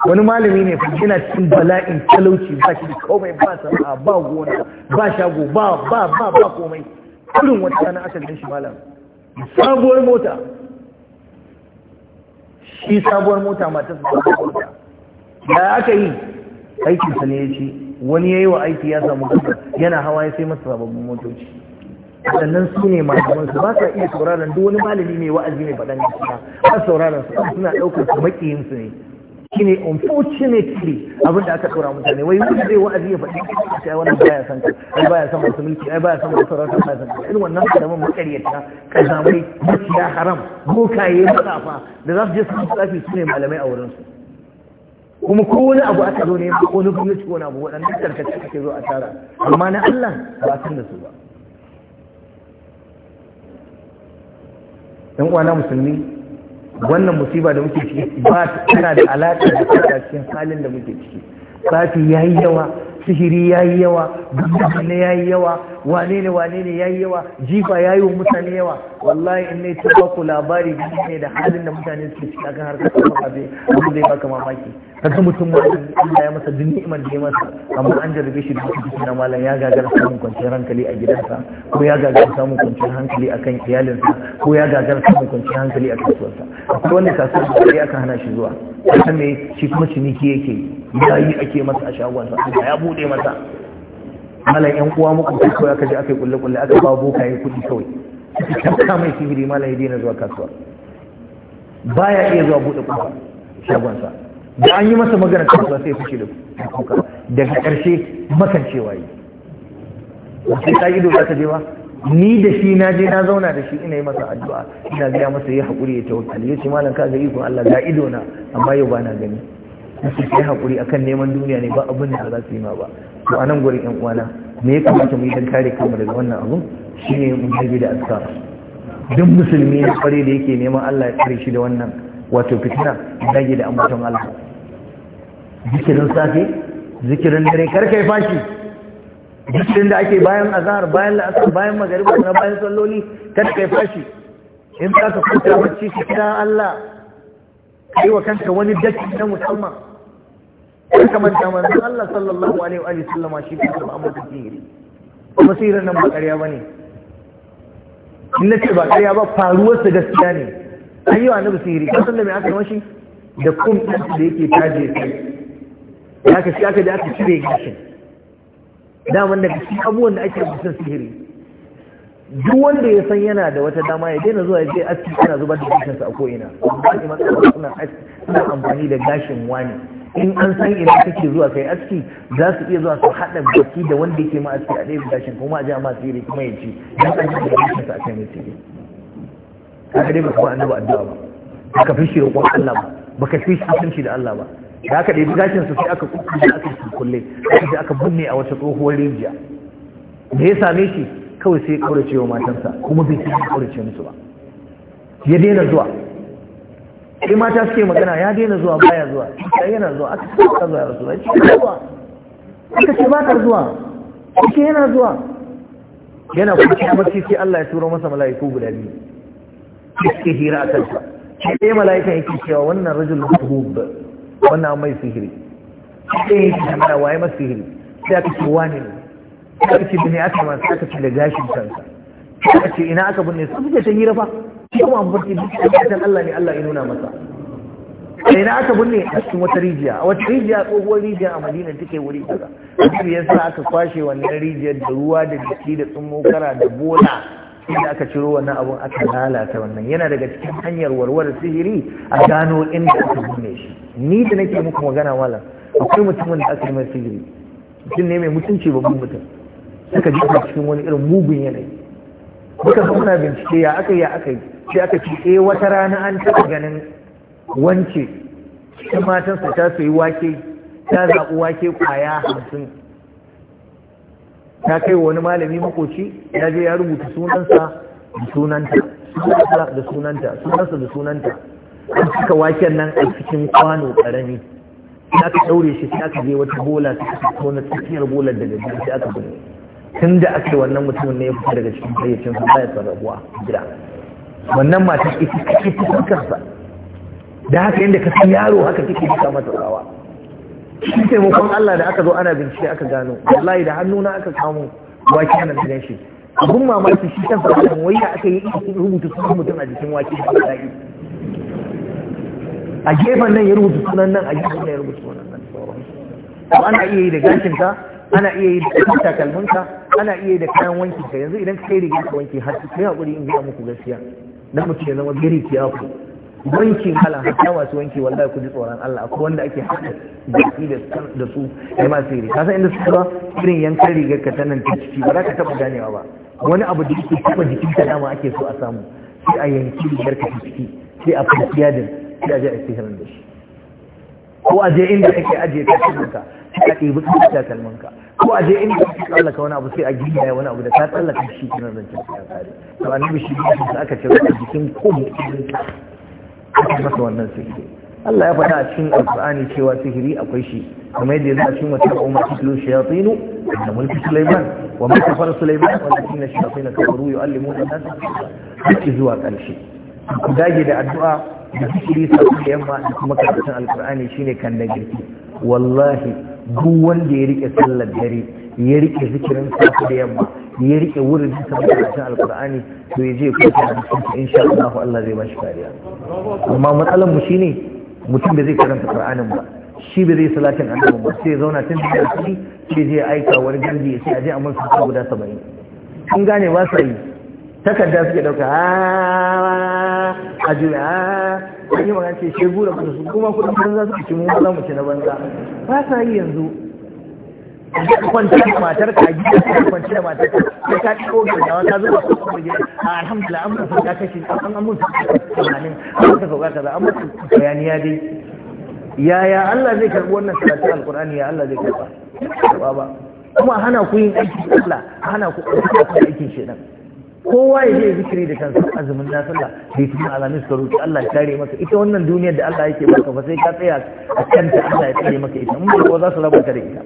wani malami ne fa yana cikin bala'in talauci ba shi komai ba sana'a ba gona ba shago ba ba ba ba komai kullum wata rana aka gan shi malam sabuwar mota shi sabuwar mota matarsa sabuwar mota da aka yi aikinsa ne ya ce wani ya yi wa aiki ya samu gaba yana hawa ya sai masa sababbin motoci waɗannan su ne malaman su ba sa iya sauraron duk wani malami mai wa'azi mai faɗan gaskiya ba sauraron su suna ɗaukar su makiyin su ne shine unfortunately abin da aka tsora mutane wai wani zai wa'azi ya faɗi kai wannan baya san ka ai baya san masu mulki ai baya san masu sarauta baya san irin wannan karamin makaryata kazamai maciya haram bokaye matsafa da za su je su tsafi su ne malamai a wurin su kuma ko wani abu aka zo ne ko wani gwamnati ko wani abu waɗannan karkace ake zo a tara amma na Allah ba san da su ba yan na musulmi wannan musiba da muke ciki ba tana da alaƙa da tsada cikin halin da muke ciki safi ya yi yawa sihiri ya yi yawa gudunar ya yi yawa wane ne wane ne ya yi yawa jifa ya yi wa mutane yawa wallahi in ne ta baku labari da ne da halin da mutane suke ciki akan harkar kuma abe abu zai baka mamaki kaga mutum ma Allah ya masa duk ni'imar da ya masa amma an jarrabe shi da cikin na malam ya gagara samun kwanciyar hankali a gidansa ko ya gagara samun kwanciyar hankali akan iyalinsa ko ya gagara samun kwanciyar hankali a kasuwarsa akwai wani kasuwar da ya kan hana shi zuwa kan me shi kuma ciniki yake yayi ake masa a shagonsa ya bude masa malam yan uwa muku ko ya kaje aka yi kulle kulle aka ba yi kuɗi kawai ta mai sihiri malam ya daina zuwa kasuwa baya iya zuwa buɗe kuma shagonsa da an yi masa magana kasuwa sai fushi da kuka daga ƙarshe makancewa yi wasu ta ido za ta je ba ni da shi na je na zauna da shi ina yi masa addu'a ina gaya masa ya haƙuri ya tawakkali ya ce malam ka ga ikon Allah ga ido na amma yau ba na gani su ya haƙuri akan neman duniya ne ba abin da za su yi ma ba to a nan gurin 'yan uwana me ya kamata mu yi don kare kanmu daga wannan abun shine mu jirgi da azkar duk musulmi na kware da yake neman Allah ya kare shi da wannan wato fitina dage da ambaton Allah zikirin safe zikirin dare karkai fashi zikirin da ake bayan azhar bayan la'asar bayan magariba na bayan salloli karkai fashi in za ka kwanta bacci ka kira Allah kai wa kanka wani daki na musamman in kamar da manzon Allah sallallahu alaihi wa sallam shi ke da amma kuma sihirin nan ba ƙarya bane in nace ba ƙarya ba faruwar su gaskiya ne an yi wa annabi sihiri ka san da me aka mashi da kum da yake taje sai ya ka shi aka da aka cire gashin daman daga cikin abubuwan da ake mutum sihiri duk wanda ya san yana da wata dama ya daina zuwa ya je aski ana zubar da gashinsa a ko'ina amma a matsalar suna amfani da gashin wani in an san ina kake zuwa kai aski za su iya zuwa su haɗa baki da wanda yake ma aski a ɗaya gashin kuma a ji a masu yiri kuma ya ci don an yi gashin sa a kan yake ne kaga dai ba ba annabi addu'a ba baka fi shi roƙon Allah ba baka fi shi kusanci da Allah ba da aka ɗebi gashin su sai aka da aka kulle sai aka binne a wata tsohuwar rijiya da ya same shi kawai sai ya kaurace wa matansa kuma bai sai ya kaurace musu ba ya daina zuwa sai mata suke magana ya daina zuwa baya zuwa sai yana zuwa aka ce ka zuwa rasu bai ce zuwa aka ce ba ka zuwa ake yana zuwa yana kuma mace sai Allah ya turo masa mala'iku guda biyu suke hira a sa. sai dai mala'ikan yake cewa wannan rajul mahbub wannan mai sihiri sai yake magana waye masa sihiri sai aka ce wani ne sai aka ce bane aka masa aka ce da gashin kansa sai aka ce ina aka binne su suke ta hira fa yawan mafarki duk aikatan Allah ne Allah ya nuna masa sai na aka binne a cikin wata rijiya a wata rijiya tsohuwar rijiya a madina take wuri kaza wani ya sa aka kwashe wannan rijiyar da ruwa da jiki da kara da bola inda aka ciro wannan abun aka lalata wannan yana daga cikin hanyar warware sihiri a gano inda aka binne shi ni da nake muku magana malam akwai mutumin da aka yi mai sihiri mutum ne mai mutunci babban mutum suka jefa cikin wani irin mugun yanayi muka zauna bincike ya aka yi ya aka yi sai aka ce eh wata rana an taɓa ganin wance cikin matansa ta sayi wake ta zaɓi wake kwaya hamsin ta kai wani malami makoci ya je ya rubuta sunansa da sunanta sunansa da sunanta sunansa da sunanta an cika waken nan a cikin kwano ƙarami sai aka ɗaure shi sai aka je wata bola ta aka tona tsakiyar bolar daga gaji sai aka gudu tun da aka yi wannan mutumin ne ya fita daga cikin kayyacin sa ba ya sarrafuwa gida wannan matar ita kake fuskarsa da haka yadda ka san yaro haka take fuska mata rawa shi taimakon Allah da aka zo ana bincike aka gano wallahi da hannuna aka samu wake nan gidan shi abun mamaki shi kan fasikan waya aka yi iya rubuta sunan mutum a jikin wake da bala'i a gefen nan ya rubuta sunan nan a gefen nan ya rubuta sunan nan ana iya yi da ka ana iya yi da takalminka ana iya yi da kayan wanki ka yanzu idan ka kai da ka wanki har sai hakuri in gina muku gaskiya Na mutum ya zama gari kiyafu wankin hala hata masu wanki wallahi ku ji tsoron Allah akwai wanda ake haɗa baki da su ya ma sirri ka san inda suka ba irin yankan rigar ka tanan ta ciki ba za ka taɓa ganewa ba wani abu da yake taɓa jikin ka dama ake so a samu sai a yanki rigar ka ciki sai a fasiya sai a je a sihirin da shi ko a je inda kake ajiye takalminka sai a ɗebi kan takalminka ko a je inda kake tsallaka wani abu sai a gina wani abu da ka tsallaka shi kinan zancen ya kare to annabi shi ne aka ce wani jikin ko mutum aka masa wannan sihiri Allah ya faɗa a cikin alƙur'ani cewa sihiri akwai shi kuma yadda yanzu a cikin wata umma tutlu shayatinu da mulki Sulaiman wa ma kafara Sulaiman wa lakinna shayatin kafaru yu'allimuna an-nasa hakki zuwa ƙarshe ku dage da addu'a da kiri sabon da yamma da kuma karatun alkur'ani shine kan na girki wallahi duk wanda ya rike sallar dare ya rike zikirin safi da yamma ya rike wurin da sabon karatun alkur'ani to ya je kwanta da cikin insha Allah Allah zai bashi kariya amma matsalar mu shine mutum da zai karanta qur'anin ba shi ba zai salatin annabi ba sai zauna tun da shi sai je aika wani gardi sai a je a masa guda 70 kun gane ba sai takarda suke dauka a juya a yi magana ce shegu da su, kuma kudin banza suke ci mu za mu ci na banza ba sa yi yanzu kwanta da matar ka gida ka kwanta da matar ka ka ka ci ko gida ka zuba ko kuma gida a alhamdulillah an mutu ka kashi an an mutu tunanin an mutu sauka kaza an mutu bayaniya dai yaya Allah zai karɓi wannan karatun alkur'ani ya Allah zai karɓa? ba ba kuma hana ku yin aikin Allah hana ku aikin shedan kowa ya je zikiri da kansa azumin na sallah da yi tuna alamis ka roƙi Allah ya kare maka ita wannan duniyar da Allah yake baka ba sai ka tsaya a kanta Allah ya kare maka ita mun ko za su raba ta da ita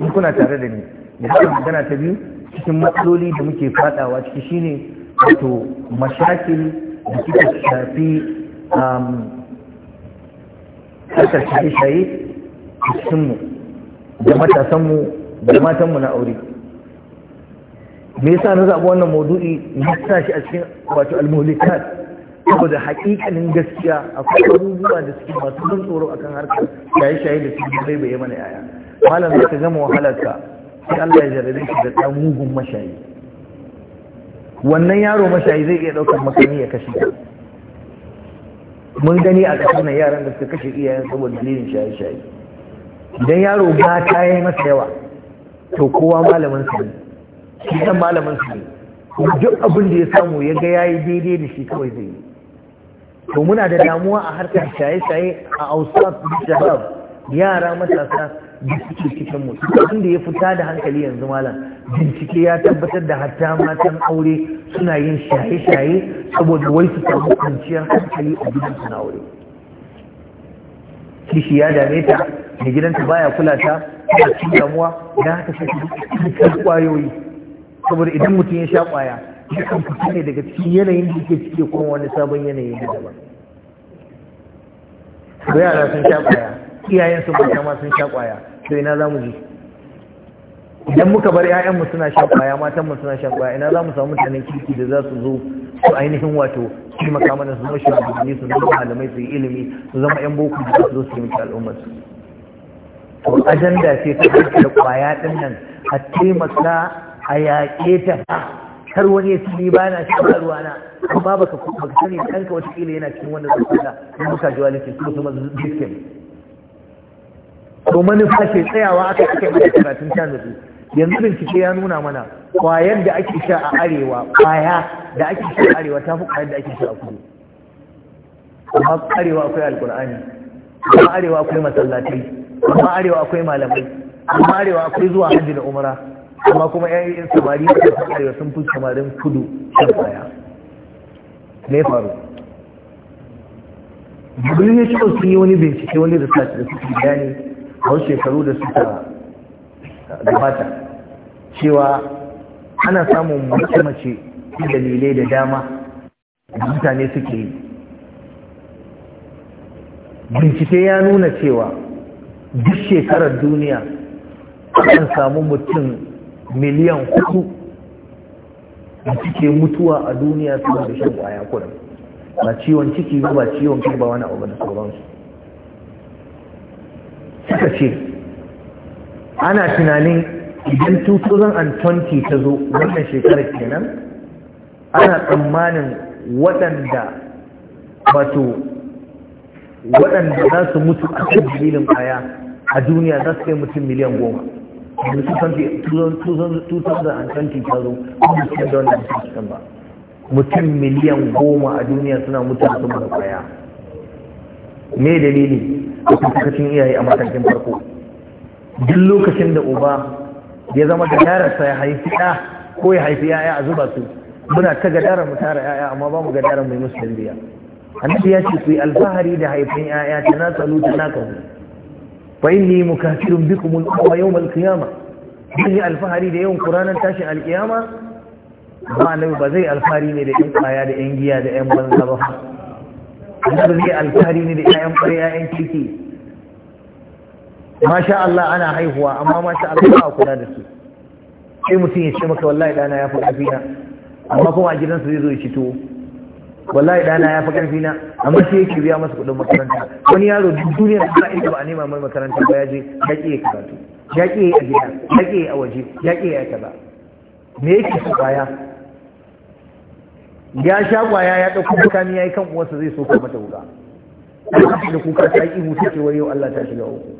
in kuna tare da ni da magana ta biyu cikin matsaloli da muke fadawa ciki shine wato mashakil da kika shafi um, harkar shaye-shaye cikinmu da matasanmu da matanmu na aure me yasa na zaɓi wannan maudu'i na sa shi a cikin wato almuhlikat saboda haƙiƙanin gaskiya akwai abubuwa da suke masu ban tsoro akan harkar shaye-shaye da suke bai bai mana yaya malam zaka gama wahalarka sai Allah ya jarrabe shi da ɗan mugun mashayi wannan yaro mashayi zai iya ɗaukar makami ya kashe ka mun gani a ƙasar nan yaran da suka kashe iyayen saboda dalilin shaye-shaye idan yaro ba ta yi masa yawa to kowa malamin sa ne shi kan malamin su ne duk abin da ya samu ya ga yayi daidai da shi kawai zai yi to muna da damuwa a harkar shaye-shaye a ausaf shahab yara matasa da suke cikin mutu abin da ya fita da hankali yanzu malam bincike ya tabbatar da hatta matan aure suna yin shaye-shaye saboda wai su samu kwanciyar hankali a gidan su na aure kishi ya dame ta da gidanta baya kula ta da cikin damuwa da haka sai ta kwayoyi saboda idan mutum ya sha kwaya kan fita ne daga cikin yanayin da yake cike kuma wani sabon yanayi da daban ko yara sun sha kwaya iyayen su mata ma sun sha kwaya to ina za mu ji idan muka bar ƴaƴan mu suna sha kwaya matan mu suna sha kwaya ina za mu samu mutanen kirki da za su zo su ainihin wato shi makamana su zama shugabanni su zama malamai su yi ilimi su zama yan boko da su zo su yi al'ummar su to ajanda ce ta da kwaya din nan a taimaka a yaƙe ta kar wani ya sani ba na shi ba ruwana amma baka baka sani ɗanka watakila yana cikin wannan zuciya na muka ji wani cikin kuma biskin to manufa ce tsayawa aka kake mai karatun canzabi yanzu bincike ya nuna mana kwayar da ake sha a arewa kwaya da ake sha a arewa ta fi kwayar da ake sha a kudu amma arewa akwai alkur'ani amma arewa akwai masallatai amma arewa akwai malamai amma arewa akwai zuwa hajji da umara amma kuma yayin samari da arewa sun fi samarin kudu shan baya me faru dubulin ya sun yi wani bincike wani da sa da suke gani a wasu shekaru da suka gabata cewa ana samun mace-mace dalilai da dama da mutane suke yi bincike ya nuna cewa duk shekarar duniya akan samu mutum miliyan hudu da suke mutuwa a duniya su da shan kwaya kurin ba ciwon ciki ba ba ciwon kai ba wani abu da sauransu suka ce ana tunanin idan 2020 ta zo wannan shekarar kenan ana tsammanin waɗanda wato waɗanda za su mutu a kan dalilin kaya a duniya za su kai mutum miliyan goma mutum miliyan goma a duniya suna mutuwa su mara kwaya me dalili a kusurkacin iyaye a matakin farko duk lokacin da uba ya zama da yararsa ya haifi ya ko ya haifi ya'ya a zuba su muna ta gadara mu tara ya amma ba mu gadara mai musu biya annabi ya ce ku yi alfahari da haifin ya'ya ta na salu ta fa inni mukafirun bikum al-umma yawm al-qiyamah zan yi alfahari da yawan kuranan tashin alkiyama ba nabi ba zai alfahari ne da yan kwaya da yan giya da yan banza ba annabi zai alfahari ne da yan kwaya yan kiki masha Allah ana haihuwa amma masha Allah ba a kula da su sai mutum ya ce maka wallahi dana ya fi ƙarfi amma kuma a gidansu zai zo ya ci tuwo wallahi dana ya fi karfi na amma shi yake biya masa kuɗin makaranta wani yaro duniya ba iya ba a nema mai makaranta ba ya je ya ƙi karatu ya ƙi a gida ya ƙi a waje ya ƙi ya kaza me yake su baya ya sha kwaya ya ɗauko mutane ya yi kan uwarsa zai soka mata wuka da kuka ta yi mutu ce wai yau Allah ta shiga uku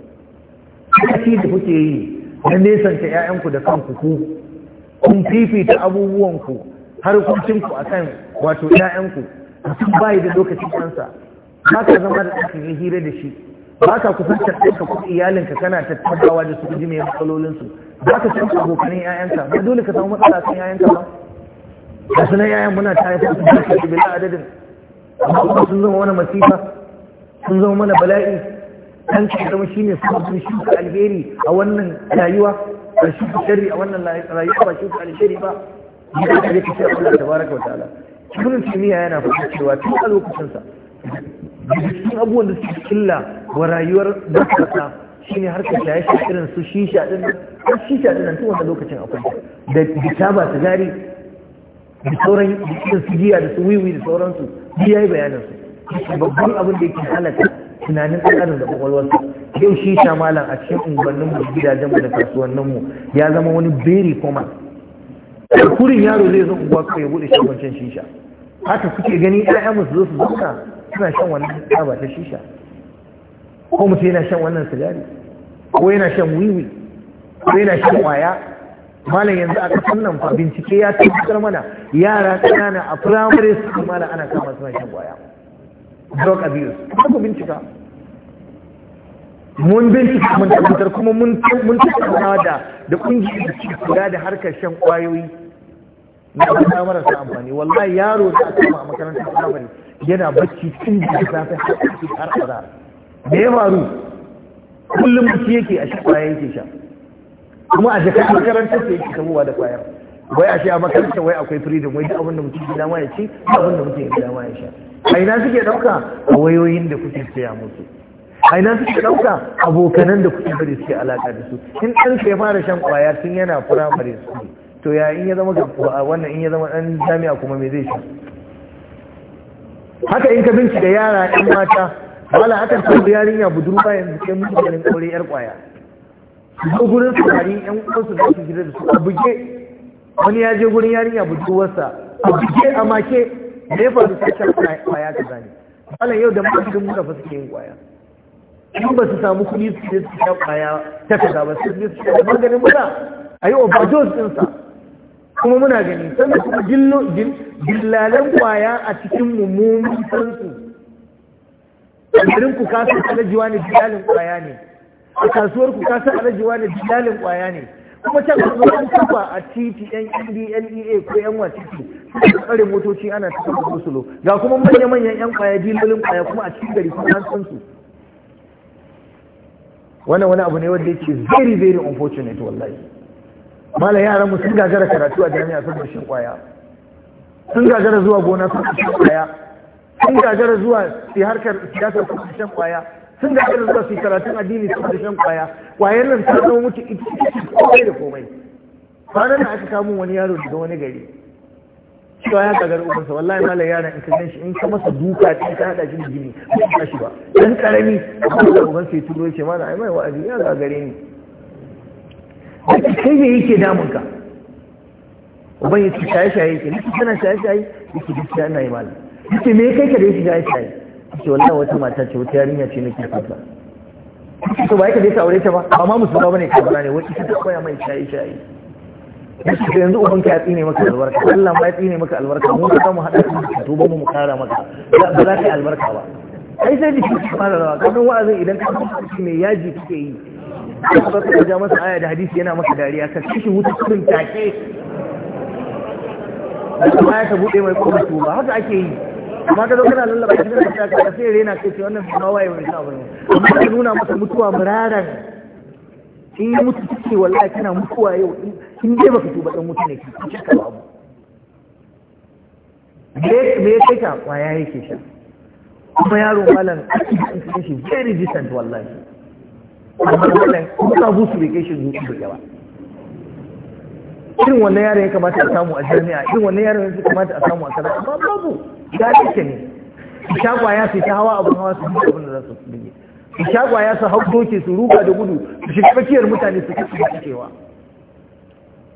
kaci da kuke yi na nesanta 'ya'yanku da kanku ku kun fifita abubuwanku harkokinku a kan wato ‘ya'yanku mutum bayi da lokacin kansa ba ka zama da ɗakin ya hira da shi ba ka kusantar ɗanka kuma iyalinka kana tattabawa da su ji mai matsalolinsu ba ka san abokanin ‘ya'yanka ba dole ka samu matsala kan ‘ya'yanka ba da sunan ‘ya'yan muna ta haifar su da su bila adadin amma kuma sun zama wani masifa sun zama mana bala'i ɗan ka zama shi ne sun shuka alheri a wannan rayuwa da shuka shari a wannan rayuwa ba shuka alheri ba ni ka je ka ce Allah tabaraka wa ta'ala ibn taymiya yana faɗa cewa tun a lokacin sa cikin abubuwan da suke killa wa rayuwar matasa shine harkar shaye shi irin su shisha din har shisha din tun wannan lokacin akwai da kitaba sigari da sauran irin su giya da su wiwi da sauransu biya yi bayanin su babban abin da yake halaka tunanin ƙarin da ƙwaƙwalwar su. yau shisha malam a cikin unguwanninmu mu da kasuwanninmu ya zama wani beri kuma kurin yaro zai zo unguwa kawai ya bude shan wancan shisha haka kuke gani ƴaƴan musu zo su zauna suna shan wannan taba ta shisha ko mutum yana shan wannan sigari ko yana shan wiwi ko yana shan waya. malam yanzu a kasan nan fa bincike ya tabbatar mana yara ƙanana a firamare su malam ana kama suna shan waya. drug abuse ko bincika mun bincika mun tabbatar kuma mun tabbatar da da kungiyar da ke kula da harkar shan kwayoyi na kuma marasa amfani wallahi yaro da aka kama a makarantar firamare yana bacci cikin da safe har ake har azhar da ya faru kullum shi yake a shafa yake sha kuma a jakar makarantar sai yake kamuwa da kwayar wai a sha makarantar wai akwai freedom wai duk abin da mutum gida ya ci abin da mutum gida dama ya sha a ina suke ɗauka a wayoyin da kuke saya musu a ina suke ɗauka abokanan da kuke bari suke alaƙa da su in ɗan ya fara shan kwaya tun yana firamare su to ya in ya zama wannan in ya zama ɗan jami'a kuma me zai shi haka in ka bincika yara ɗan mata wala haka sun yarinya budurwa yanzu sai mutu ganin aure yar ƙwaya. zo gurin samari yan uwansu da su gida da su abuge wani ya je gurin yarinya budurwarsa wasa abuge a make da ya faru sai shan kwaya ka zane wala yau da masu dun muka fasa yin ƙwaya. in ba su samu kuɗi su je su sha kwaya ta kaza ba su je su sha maganin mura a yi Bajos ɗinsa kuma muna gani sannan kuma dillalan kwaya a cikin mummunan sansu garin ku kasa alajiwa ne dillalin kwaya ne a kasuwar ku kasa alajiwa ne jillalen kwaya ne kuma can ka zuwa an kafa a titi yan ndlea ko yan Su suka tsare motoci ana cikin musulo ga kuma manya-manyan yan kwaya jillalen kwaya kuma a cikin gari kuma an san su wannan wani abu ne wanda yake very very unfortunate wallahi mala yaran mu sun gagara karatu a jami'a sun shan kwaya sun gagara zuwa gona sun shan kwaya sun gagara zuwa su harkar siyasa sun shan kwaya sun gagara zuwa su karatun addini sun shan kwaya kwayar nan ta zama mutu ita ce komai da komai kwanan da aka kamo wani yaro daga wani gari cewa ya gagara ubansa wallahi mala yaran in ka gan shi in ka masa duka ta ka hada shi da jini ba shi ba dan karami ubansa ya turo ya ce mana ai mai wa'azi ya gagare ni kai ne yake damunka uban yi ce shaye-shaye yake nake tana shaye-shaye yake gaskiya ina yi malam yake me kai ka da yake shaye-shaye yake wallahi wata mata ce wata yarinya ce nake fata to ba yake da yake aure ta ba amma musulma bane ka bara ne wani ita ta koya mai shaye-shaye yake yanzu uban ka ya tsine maka albarka Allah ma ya tsine maka albarka mu ka mu hada ka to ba mu mu kara maka ba za ka yi albarka ba ai sai jiki fara rawa kaman wa'azin idan ka shi mai yaji kike yi aka ba ka ja masa aya da hadisi yana masa dariya ka kishi wuta cikin take da kuma ya ta buɗe mai kuma su ba haka ake yi amma ka zo kana lallaba shi da ta ka sai rena kai ce wannan ba waye wani abu amma ka nuna masa mutuwa muraran in ya mutu kike wallahi kana mutuwa yau in dai baka tuba dan mutu ne kike ba babu me ya kai ka kwaya yake sha kuma yaro malam a cikin shi very decent wallahi amma wannan kuma busu bai kai shi zuci ba irin wannan yaron ya kamata a samu a jami'a irin wannan yaron ya kamata a samu a sana'a amma babu ya dace ne shagwaya su ta hawa abin hawa su duk abin da za su buge su shagwaya su hau doke su ruga da gudu su shiga tsakiyar mutane su kasu da cewa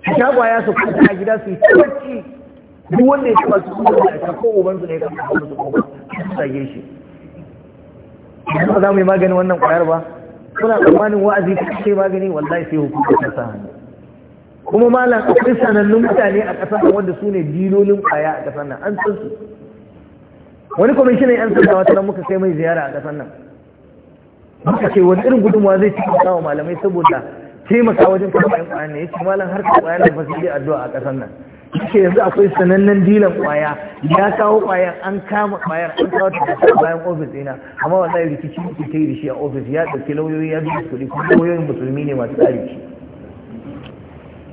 su shagwaya su kwanta a gida su yi tabbaci duk wanda ya taba su kuma da aka ko uban ya ne kan su kuma su kuma su sage shi ba za mu yi maganin wannan kwayar ba suna tsammanin wa'azi ta kake magani wallahi sai hukunta ta sa hannu kuma malam akwai sanannun mutane a ƙasar wanda su ne dilolin kwaya a ƙasar nan an san su wani kwamishina yan sanda ta nan muka kai mai ziyara a ƙasar nan muka ce wani irin gudunmawa zai ci wa malamai saboda taimaka wajen kama yin kwayan ne ya ce malam har ka kwayan da fasili addu'a a ƙasar nan yake yanzu akwai sanannen dilan kwaya ya kawo kwayar an kama kwayar an kawo ta bayan ofis dina amma wallahi rikici ke ta yi da shi a ofis ya ɗauki lauyoyi ya biya kuɗi kuma lauyoyin musulmi ne masu tsari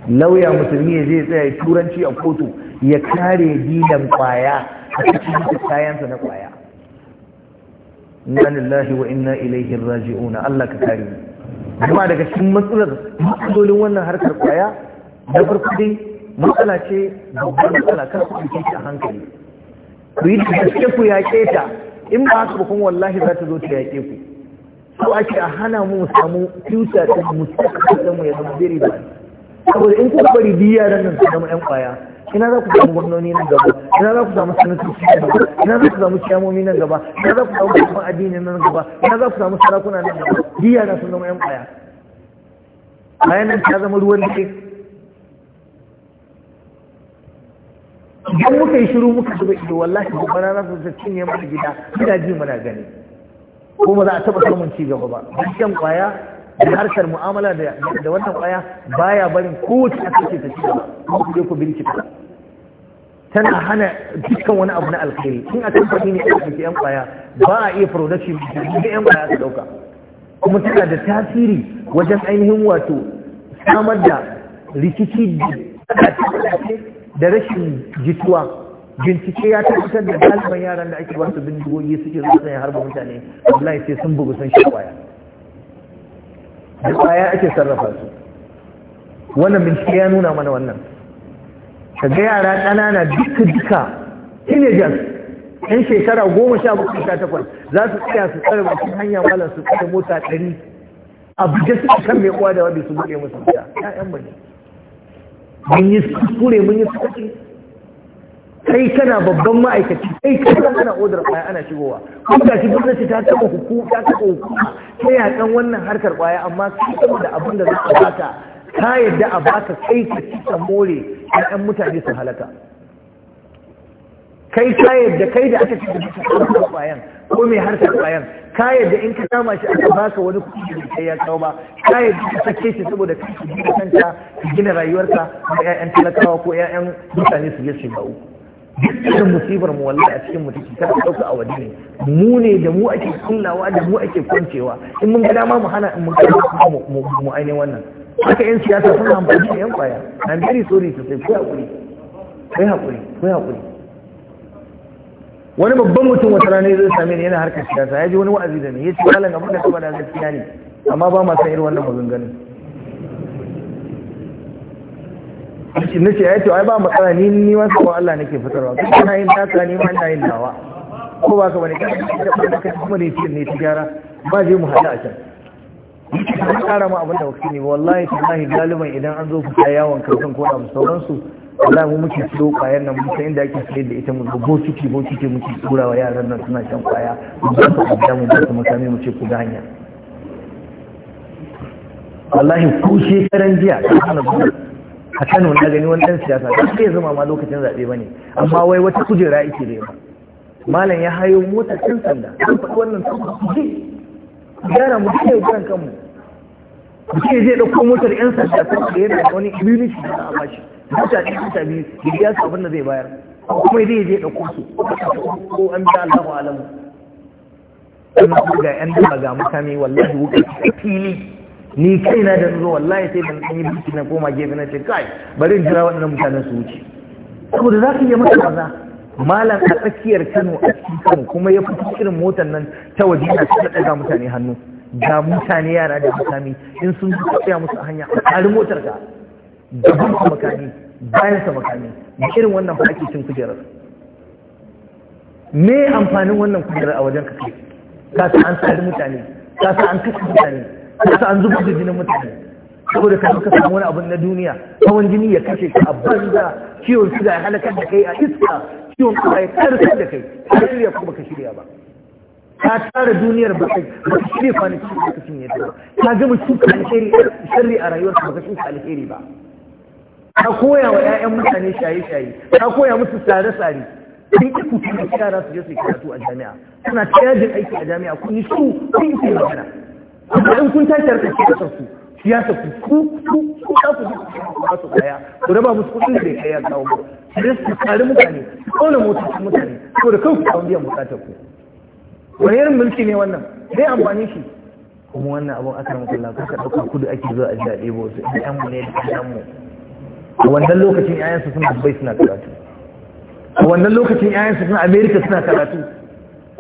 lauya musulmi ya zai tsaya turanci a kotu ya kare dilan kwaya a cikin kayansa na kwaya inna lillahi wa inna ilaihi raji'una Allah ka kare mu kuma daga cikin matsalar matsalolin wannan harkar kwaya na farko dai matsala ce babbar matsala kar ku ke shi a hankali ku yi suke ku yaƙe ta in ba haka ba kuma wallahi za ta zo ta yaƙe ku so ake a hana mu mu samu tuta ta musamman da mu ya zama very ba. saboda in kuka bari biyu yaran nan su zama 'yan kwaya ina za ku samu gwamnoni nan gaba ina za ku samu sanatoci nan gaba ina za ku samu ciyamomi nan gaba ina za ku samu kuma addini nan gaba ina za ku samu sarakuna nan gaba biya na sun zama yan kwaya bayan nan ta zama ruwan dare idan muka yi shiru muka zuba ido wallahi ba na nasu ta yamma mana gida gidaje muna gani kuma za a taba samun ci gaba ba don shan kwaya da harkar mu'amala da wannan kwaya baya barin kowace aka ce ta ci gaba kuma ku je ku bincika tana hana dukkan wani abu na alkhairi in a kamfani ne a ke yan kwaya ba a iya production da yan kwaya su dauka kuma tana da tasiri wajen ainihin wato samar da rikici da da rashin jituwa bincike ya tabbatar da daliban yaran da ake ba bindigogi suke zuwa sanya harba mutane wallahi sai sun bugu sun shi da kwaya ake sarrafa su wannan bincike ya nuna mana wannan ga yara ƙanana duka duka teenagers yan shekara goma sha bakwai sha takwas za su tsaya su tsare bakin hanya malam su tsare mota ɗari abu da suka kan mai uwa da wabi su buɗe musu gida ƴaƴan bane mun yi kuskure mun yi kuskure kai kana babban ma'aikaci kai kana ana odar kwaya ana shigowa kuma ga shi gwamnati ta taɓa hukuma ta taɓa hukuma ta yi yakan wannan harkar kwaya amma kai saboda abin da za a baka ta yadda a baka kai ka cika more 'ya'yan mutane su halaka kai ka yadda kai da aka ce da mutum a ko mai harkar kwayan ka yadda in ka kama shi aka baka wani kuɗi da kai ya kawo ba ka yadda ka sake shi saboda kai ki gina kanta ka gina rayuwarka ƴaƴan talakawa ko ƴaƴan mutane su je su ga uku dukkan musibar mu wallahi a cikin mu take kada dauka a waje ne mu ne da mu ake kullawa da mu ake kwancewa in mun ga dama mu hana in mun ga mu ainihin wannan haka yan siyasa suna amfani da yan kwaya na very sorry to say ku hakuri ku hakuri ku hakuri wani babban mutum wata rana zai same ni yana harkar siyasa ya ji wani wa'azi da ni ya ce malam abin da kuma da gaskiya ne amma ba ma san irin wannan maganganun na ce ya ce ai ba matsala ni ni ma sabon Allah nake fitarwa kuma ina yin taka ni ma ina yin nawa ko ba ka bane ka da ba ka kuma ne ce ne ta gyara ba je mu hada a can ni ƙara ma abin da wakili wallahi tallahi galiban idan an zo fita yawon kankan ko da sauransu Allah mu muke siyo kwayar nan musan inda ake sayar da ita mu ga bokiti bokiti muke tura wa yaran nan suna shan kwaya mu ga su abuja mu ba su makami mu ce ku ga hanya wallahi shi karan jiya kana gudu a Kano na gani wani dan siyasa ba sai zama ma lokacin zabe bane amma wai wata kujera yake da ba malam ya hayo motar ɗin sanda an faɗi wannan ku ji gyara mu ce kan kanmu mu ce zai ɗauko motar 'yan sanda ta yana da wani immunity da a bashi mutane mutane da ya su abin da zai bayar kuma zai je ɗauko su ko an da Allahu alamu kuma ko ga yan dama ga mutane wallahi wuka fili ni na da zo wallahi sai ban yi biki na koma gefe na ce kai bari in jira waɗannan mutanen su wuce saboda za ka yi masa maza malam a tsakiyar Kano a cikin Kano kuma ya fito irin motar nan ta waje na ta daga mutane hannu ga mutane yara da mutane in sun tsaya musu hanya a motar ka gaban makani bayan sa makami da irin wannan ba ake cin kujerar me amfanin wannan kujerar a wajen ka kai ka sa an tsari mutane ka sa an kashe mutane ka sa an zuba da jinin mutane saboda ka ka samu wani abin na duniya hawan jini ya kashe ka a banza ciwon suga ya halakar da kai a iska ciwon kuma ya karkar da kai ka shirya ko baka shirya ba ka tara duniyar ba kai ba ka shirya kwanaki ba ka cinye ta ba ka gama shuka alheri a rayuwarka ba ka shuka alheri ba ka koya wa 'ya'yan mutane shaye-shaye ka koya musu tsare-tsare kun ki ku tuna yara su je su karatu a jami'a kuna yajin aiki a jami'a kun yi su kun yi magana amma in kun tashi harkar siyasar ku siyasar ku ku ku ku za ku ji ba su kaya ku raba musu kuɗin da ya kai ya kawo ba su su tsari mutane su mota su mutane saboda da ku kawo biyan buƙatar ku wani irin mulki ne wannan zai amfani shi kuma wannan abun aka mutum na ka ɗauka kudu ake zuwa a jaɗe ba wasu mu ne da mu? a wannan lokacin yayansu suna dubai suna karatu a wannan lokacin yayansu suna america suna karatu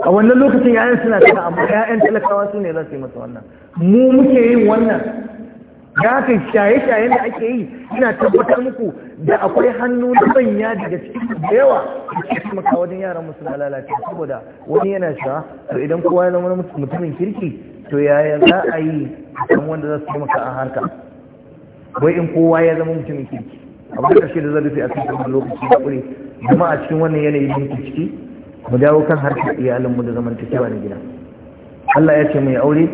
a wannan lokacin yayan suna kaza amma yayan talakawa su ne za su yi masa wannan mu muke yin wannan ya kai shaye-shayen da ake yi ina tabbatar muku da akwai hannu na manya daga cikin da yawa da taimaka wajen yaran musu na lalace saboda wani yana sha to idan kowa ya zama mutumin kirki to yaya za a yi kan wanda za su taimaka a harka wai in kowa ya zama mutumin kirki abu da karshe da zan rufe a cikin wannan lokaci da kure kuma a cikin wannan yanayi da ke ciki mu dawo kan harkar iyalinmu da zamantakewa na gida Allah ya ce mai aure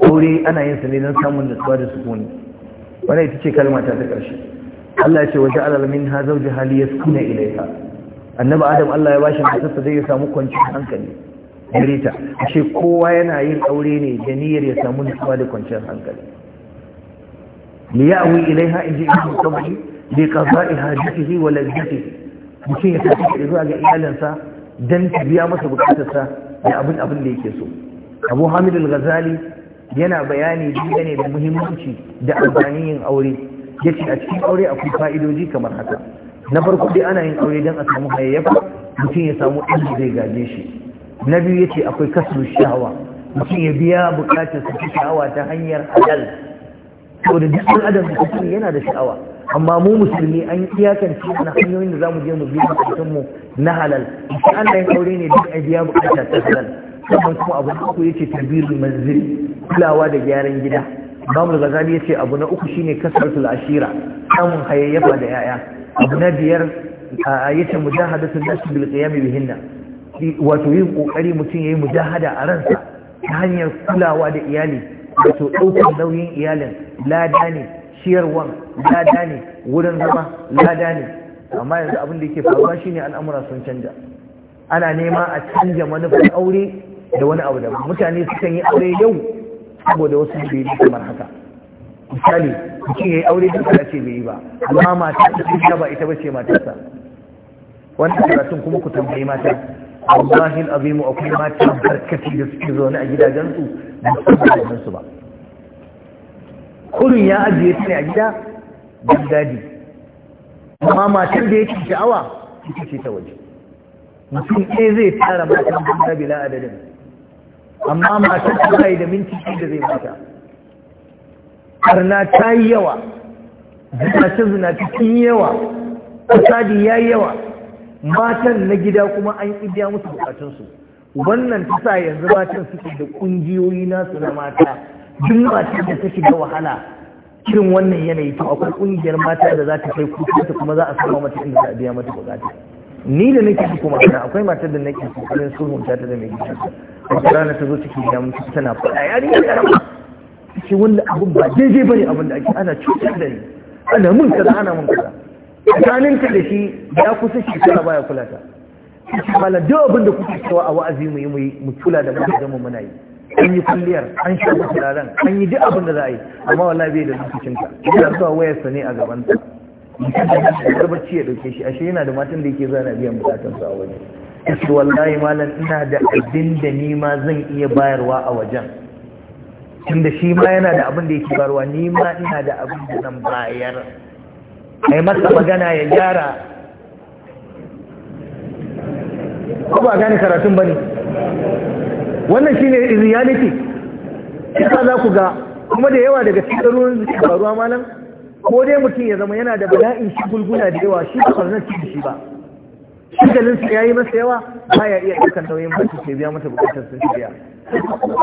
aure ana yin sa ne don samun nutsuwa da sukuni wannan ita ce kalma ta ta karshe Allah ya ce waje alal min ha zauji hali yaskuna ilayka annabi adam Allah ya bashi matarsa zai ya samu kwanciyar hankali Rita, ta ce kowa yana yin aure ne da niyyar ya samu nutsuwa da kwanciyar hankali Me ya liyawi ilaiha inji ibnu tabi bi qada'i hajatihi wa lazzatihi mutum ya tafi zuwa ga iyalansa dan ta biya masa bukatarsa da abin abin da yake so Abu Hamid al-Ghazali yana bayani ne da muhimmanci da amfanin yin aure yace a cikin aure akwai fa'idodi kamar haka na farko dai ana yin aure don a samu hayayyafa mutum ya samu ɗan zai gaje shi na biyu ce akwai kasu shawa mutum ya biya bukatar su sha'awa ta hanyar halal to da duk adam da yana da sha'awa amma mu musulmi an iyakance na hanyoyin da za mu je mu biya cikin mu na halal shi Allah yin aure ne duk a biya bukata ta halal sannan kuma abu na uku yace tabirul manzil kulawa da gyaran gida Imam Ghazali yace abu na uku shine kasratul ashira samun hayayyafa da yaya abu na biyar yace mujahadatul nas bil qiyam bihinna wato yin kokari mutum yayi mujahada a ransa ta hanyar kulawa da iyali wato daukar nauyin iyalin lada ne ciyarwan lada ne wurin zama lada ne amma yanzu abin da yake faruwa shine al'amura sun canja ana nema a canja manufar aure da wani abu daban mutane sukan yi aure yau saboda wasu dalilai kamar haka misali mutum ya yi aure duk da ce bai yi ba amma mata ta ba ita bace matarsa wannan karatun kuma ku tambayi mata wallahi alazim akwai mata barkati da suke zaune a gidajensu ba su ba kurin ya ajiye ta ne a gida don daji amma matar da yake sha'awa ita ce ta waje mutum ɗaya zai tara matan banza bila adadin amma matar ta bai da minti da zai mata karna ta yi yawa zinace zinace sun yi yawa fasadi ya yi yawa matan na gida kuma an ibiya musu bukatunsu wannan ta sa yanzu matan suke da ƙungiyoyi nasu na mata duk matar da ta shiga wahala irin wannan yanayi to akwai ƙungiyar mata da za ta kai kuka kuma za a samu mata inda za a biya mata bukata ni da nake su kuma kana akwai matar da nake su kuma sun sulhun ta da mai gida ta rana ta zo ciki gida mutu tana faɗa yarinya karama ce wanda abun ba daidai bane abin da ake ana cutar da ni ana mun kaza ana mun kaza tsakaninta da shi ya kusa shi shekara baya kula ta malam duk abin da kuke cewa a wa'azi mu yi mu kula da mu mutum muna yi an yi kulliyar an sha turaren an yi duk abin da za a yi amma wala bai da lokacinka ya zuwa wayarsa ne a gabansa da bacci ya dauke shi ashe yana da matan da yake zana biyan bukatunsa a waje yace wallahi malam ina da abin da ni ma zan iya bayarwa a wajen tunda shi ma yana da abin da yake bayarwa ni ma ina da abin da zan bayar yi masa magana ya gyara ko ba gane karatun ba ne? wannan shine reality kisa za ku ga kuma da yawa daga cikin ruwan da faruwa malam ko dai mutum ya zama yana da bala'in shi gulguna da yawa shi ba kwanar cikin shi ba shi galinsa ya yi masa yawa ba ya iya ɗaukar nauyin mace ke biya mata bukatar sun biya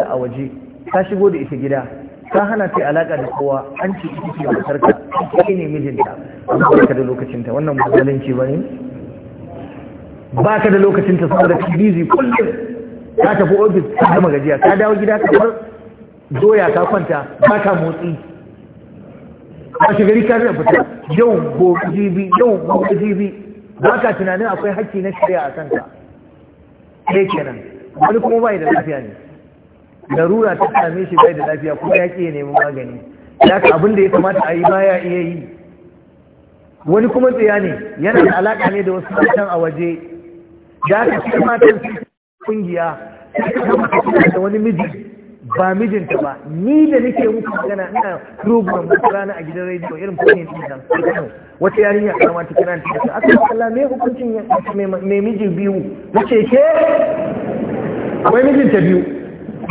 a waje ta shigo da ita gida ta hana ta alaƙa da kowa an ce ita ce matarka ita ne mijinta ba ka da lokacinta wannan ba zalunci ba ne ba ka da lokacinta saboda ka bizi kullum ka tafi ofis ka gama gajiya ka dawo gida kamar doya ka kwanta ba ka motsi a shigari ka zai fita yau gobe jibi yau gobe jibi ba ka tunanin akwai hakki na shari'a a kanka ɗaya kenan wani kuma bai da lafiya ne larura ta same shi bai da lafiya kuma ya ke neman magani ya ka abin da ya kamata a yi baya iya yi wani kuma tsaya ne yana da alaƙa ne da wasu matan a waje da ka ce matan su kungiya da wani miji ba mijinta ba ni da nake muku magana ina program wata rana a gidan rediyo irin kone din nan wata yarinya kama ta kira ta ce aka kalla me hukuncin me miji biyu nace ke akwai mijinta biyu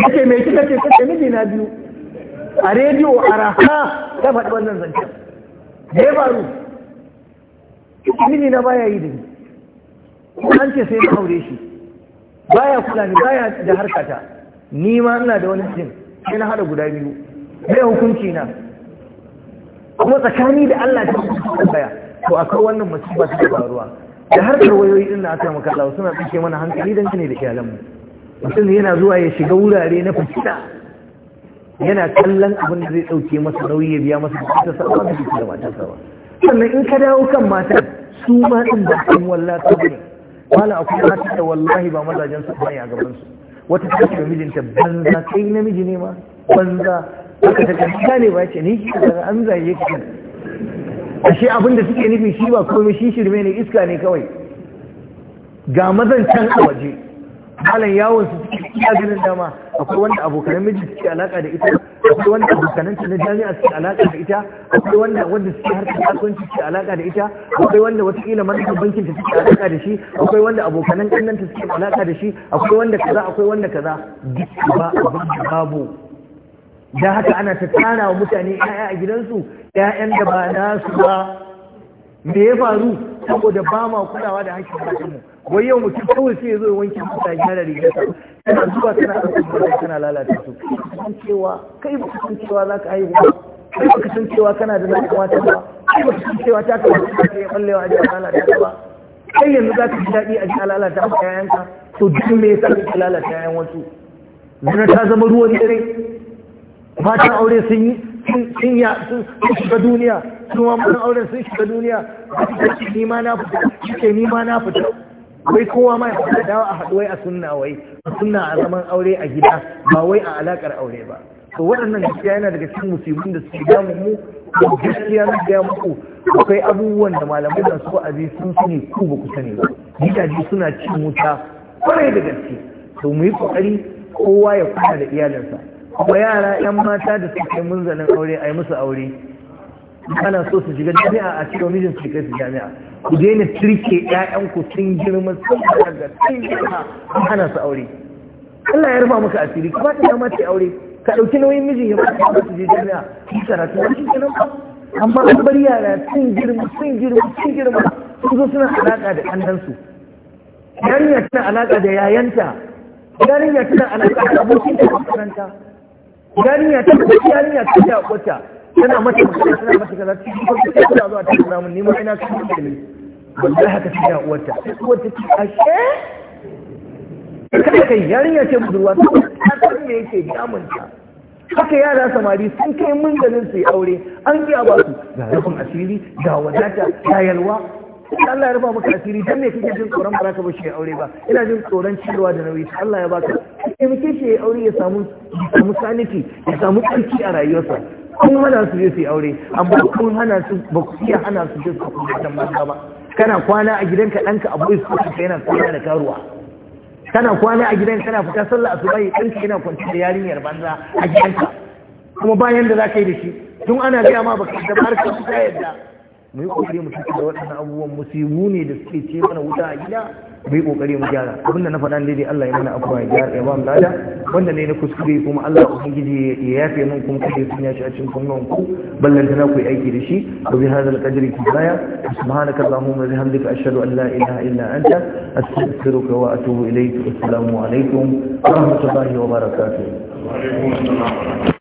nace me kika ce kace miji na biyu a rediyo a raha ta faɗi wannan zancen me faru miji na baya yi da ni an ce sai na aure shi baya kula ni baya da harkata ni ma ina da wani sin sai na hada guda biyu mai hukunci na kuma tsakani da Allah ta baya to akwai wannan musiba ta faruwa da harkar wayoyi din na aka maka Allah suna tsike mana hankali dan kane da iyalan mu mutum yana zuwa ya shiga wurare na fitina yana kallon abin da zai dauke masa nauyi ya biya masa ta sabon da ke da matarsa ba sannan in ka dawo kan matan su ma din da kan wallata ne wala akwai mata da wallahi ba mazajen su bane a gaban su wata ta ce mijinta banza kai namiji ne ma banza aka ta kanta ne ba ce ni shi da an zaye ki kan ashe abin da suke nufi shi ba komai shi shirme ne iska ne kawai ga mazan can a waje malam yawon su suke iya ganin dama akwai wanda abokanan miji suke alaka da ita akwai wanda abokanan ta na jami'a suke alaka da ita akwai wanda wanda suke harkar kasuwanci suke alaka da ita akwai wanda watakila manajan bankin ta suke alaka da shi akwai wanda abokanan kannan ta suke alaka da shi akwai wanda kaza akwai wanda kaza duk ba abin da babu da haka ana ta tara wa mutane 'ya'ya a gidansu 'ya'yan da ba nasu ba me ya faru saboda ba ma kulawa da hakkin matan mu wai yau mutum kawai sai ya zo wanke mata gyara rigarsa tana zuwa tana ɗaukar mata tana lalata su san cewa kai ba san cewa za ka haihu kai ba san cewa kana da na kamata ba kai ba san cewa ta kamata ka ya ballewa a jiya lalata ba kai yanzu za ka ji daɗi a jiya lalata ba yayanka to duk me yasa ka lalata yayan wasu zina ta zama ruwan dare mata aure sun yi sun ya sun shiga duniya su ma mun auren sun shiga duniya ni ma na fita yake ni ma na fita wai kowa ma ya dawo a haɗu wai a sunna wai a sunna a zaman aure a gida ba wai a alakar aure ba to waɗannan gaskiya yana daga cikin musulmin da suke damu mu ko gaskiya na gaya muku akwai abubuwan da malamai da su azi sun sani ku ba ku sani ba gidaje suna cin wuta kwarai da gaske to mu yi kokari kowa ya kula da iyalinsa kuma yara yan mata da suke munzalin aure a musu aure ana so su shiga jami'a a cikin mijin su kai su jami'a ku daina turke ƴaƴanku sun girma sun daga sun girma ana su aure Allah ya rufa maka asiri ka bata dama ta aure ka ɗauki nauyin mijin ya bata dama su je jami'a ki karatu wani shi kenan ba amma an bar yara sun girma sun girma sun girma sun zo suna alaƙa da ƙannansu yarinya tana alaƙa da yayanta yarinya tana alaƙa da abokin da makaranta yarinya tana yarinya tana da wata tana mata magana tana mata kaza cikin farko sai tana zuwa ta samu ni ma ina cikin ilimi wallahi haka ta da uwarta uwarta ce ashe kada kai yarinya ce budurwa ta san me yake damunta haka yara samari sun kai mun ganin su yi aure an iya ba su ga rufin asiri ga wadata ga yalwa Allah ya rufa maka asiri dan me kake jin tsoron baraka ba shi aure ba ina jin tsoron cirewa da nauyi Allah ya baka muke shi ya aure ya samu ya samu saniki ya samu tsarki a rayuwarsa kun hana su je su yi aure amma kun hana su ba ku iya hana su je su kuma maza ba kana kwana a gidanka ɗanka a boys ko ka yana kwana da karuwa kana kwana a gidanka kana fita sallah asuba ɗanka yana kwanci da yarinyar banza a gidanka kuma bayan da za ka yi da shi tun ana gaya ma baka da barka ta yadda mu yi kokari mu tafi da waɗannan abubuwan musibu ne da suke ce mana wuta a gida mai kokari mu gyara abin da na faɗa ne dai Allah ya mana afuwa ya gyara ya ba mu lada wanda ne na kuskure kuma Allah ubangiji ya yafe mun kuma kuje sun shi a cikin kunnan ku ballanta na ku aiki da shi wa bi hadal qadri kifaya subhanaka allahumma wa bihamdika ashhadu an la ilaha illa anta astaghfiruka wa atubu ilayk assalamu alaikum wa rahmatullahi wa barakatuh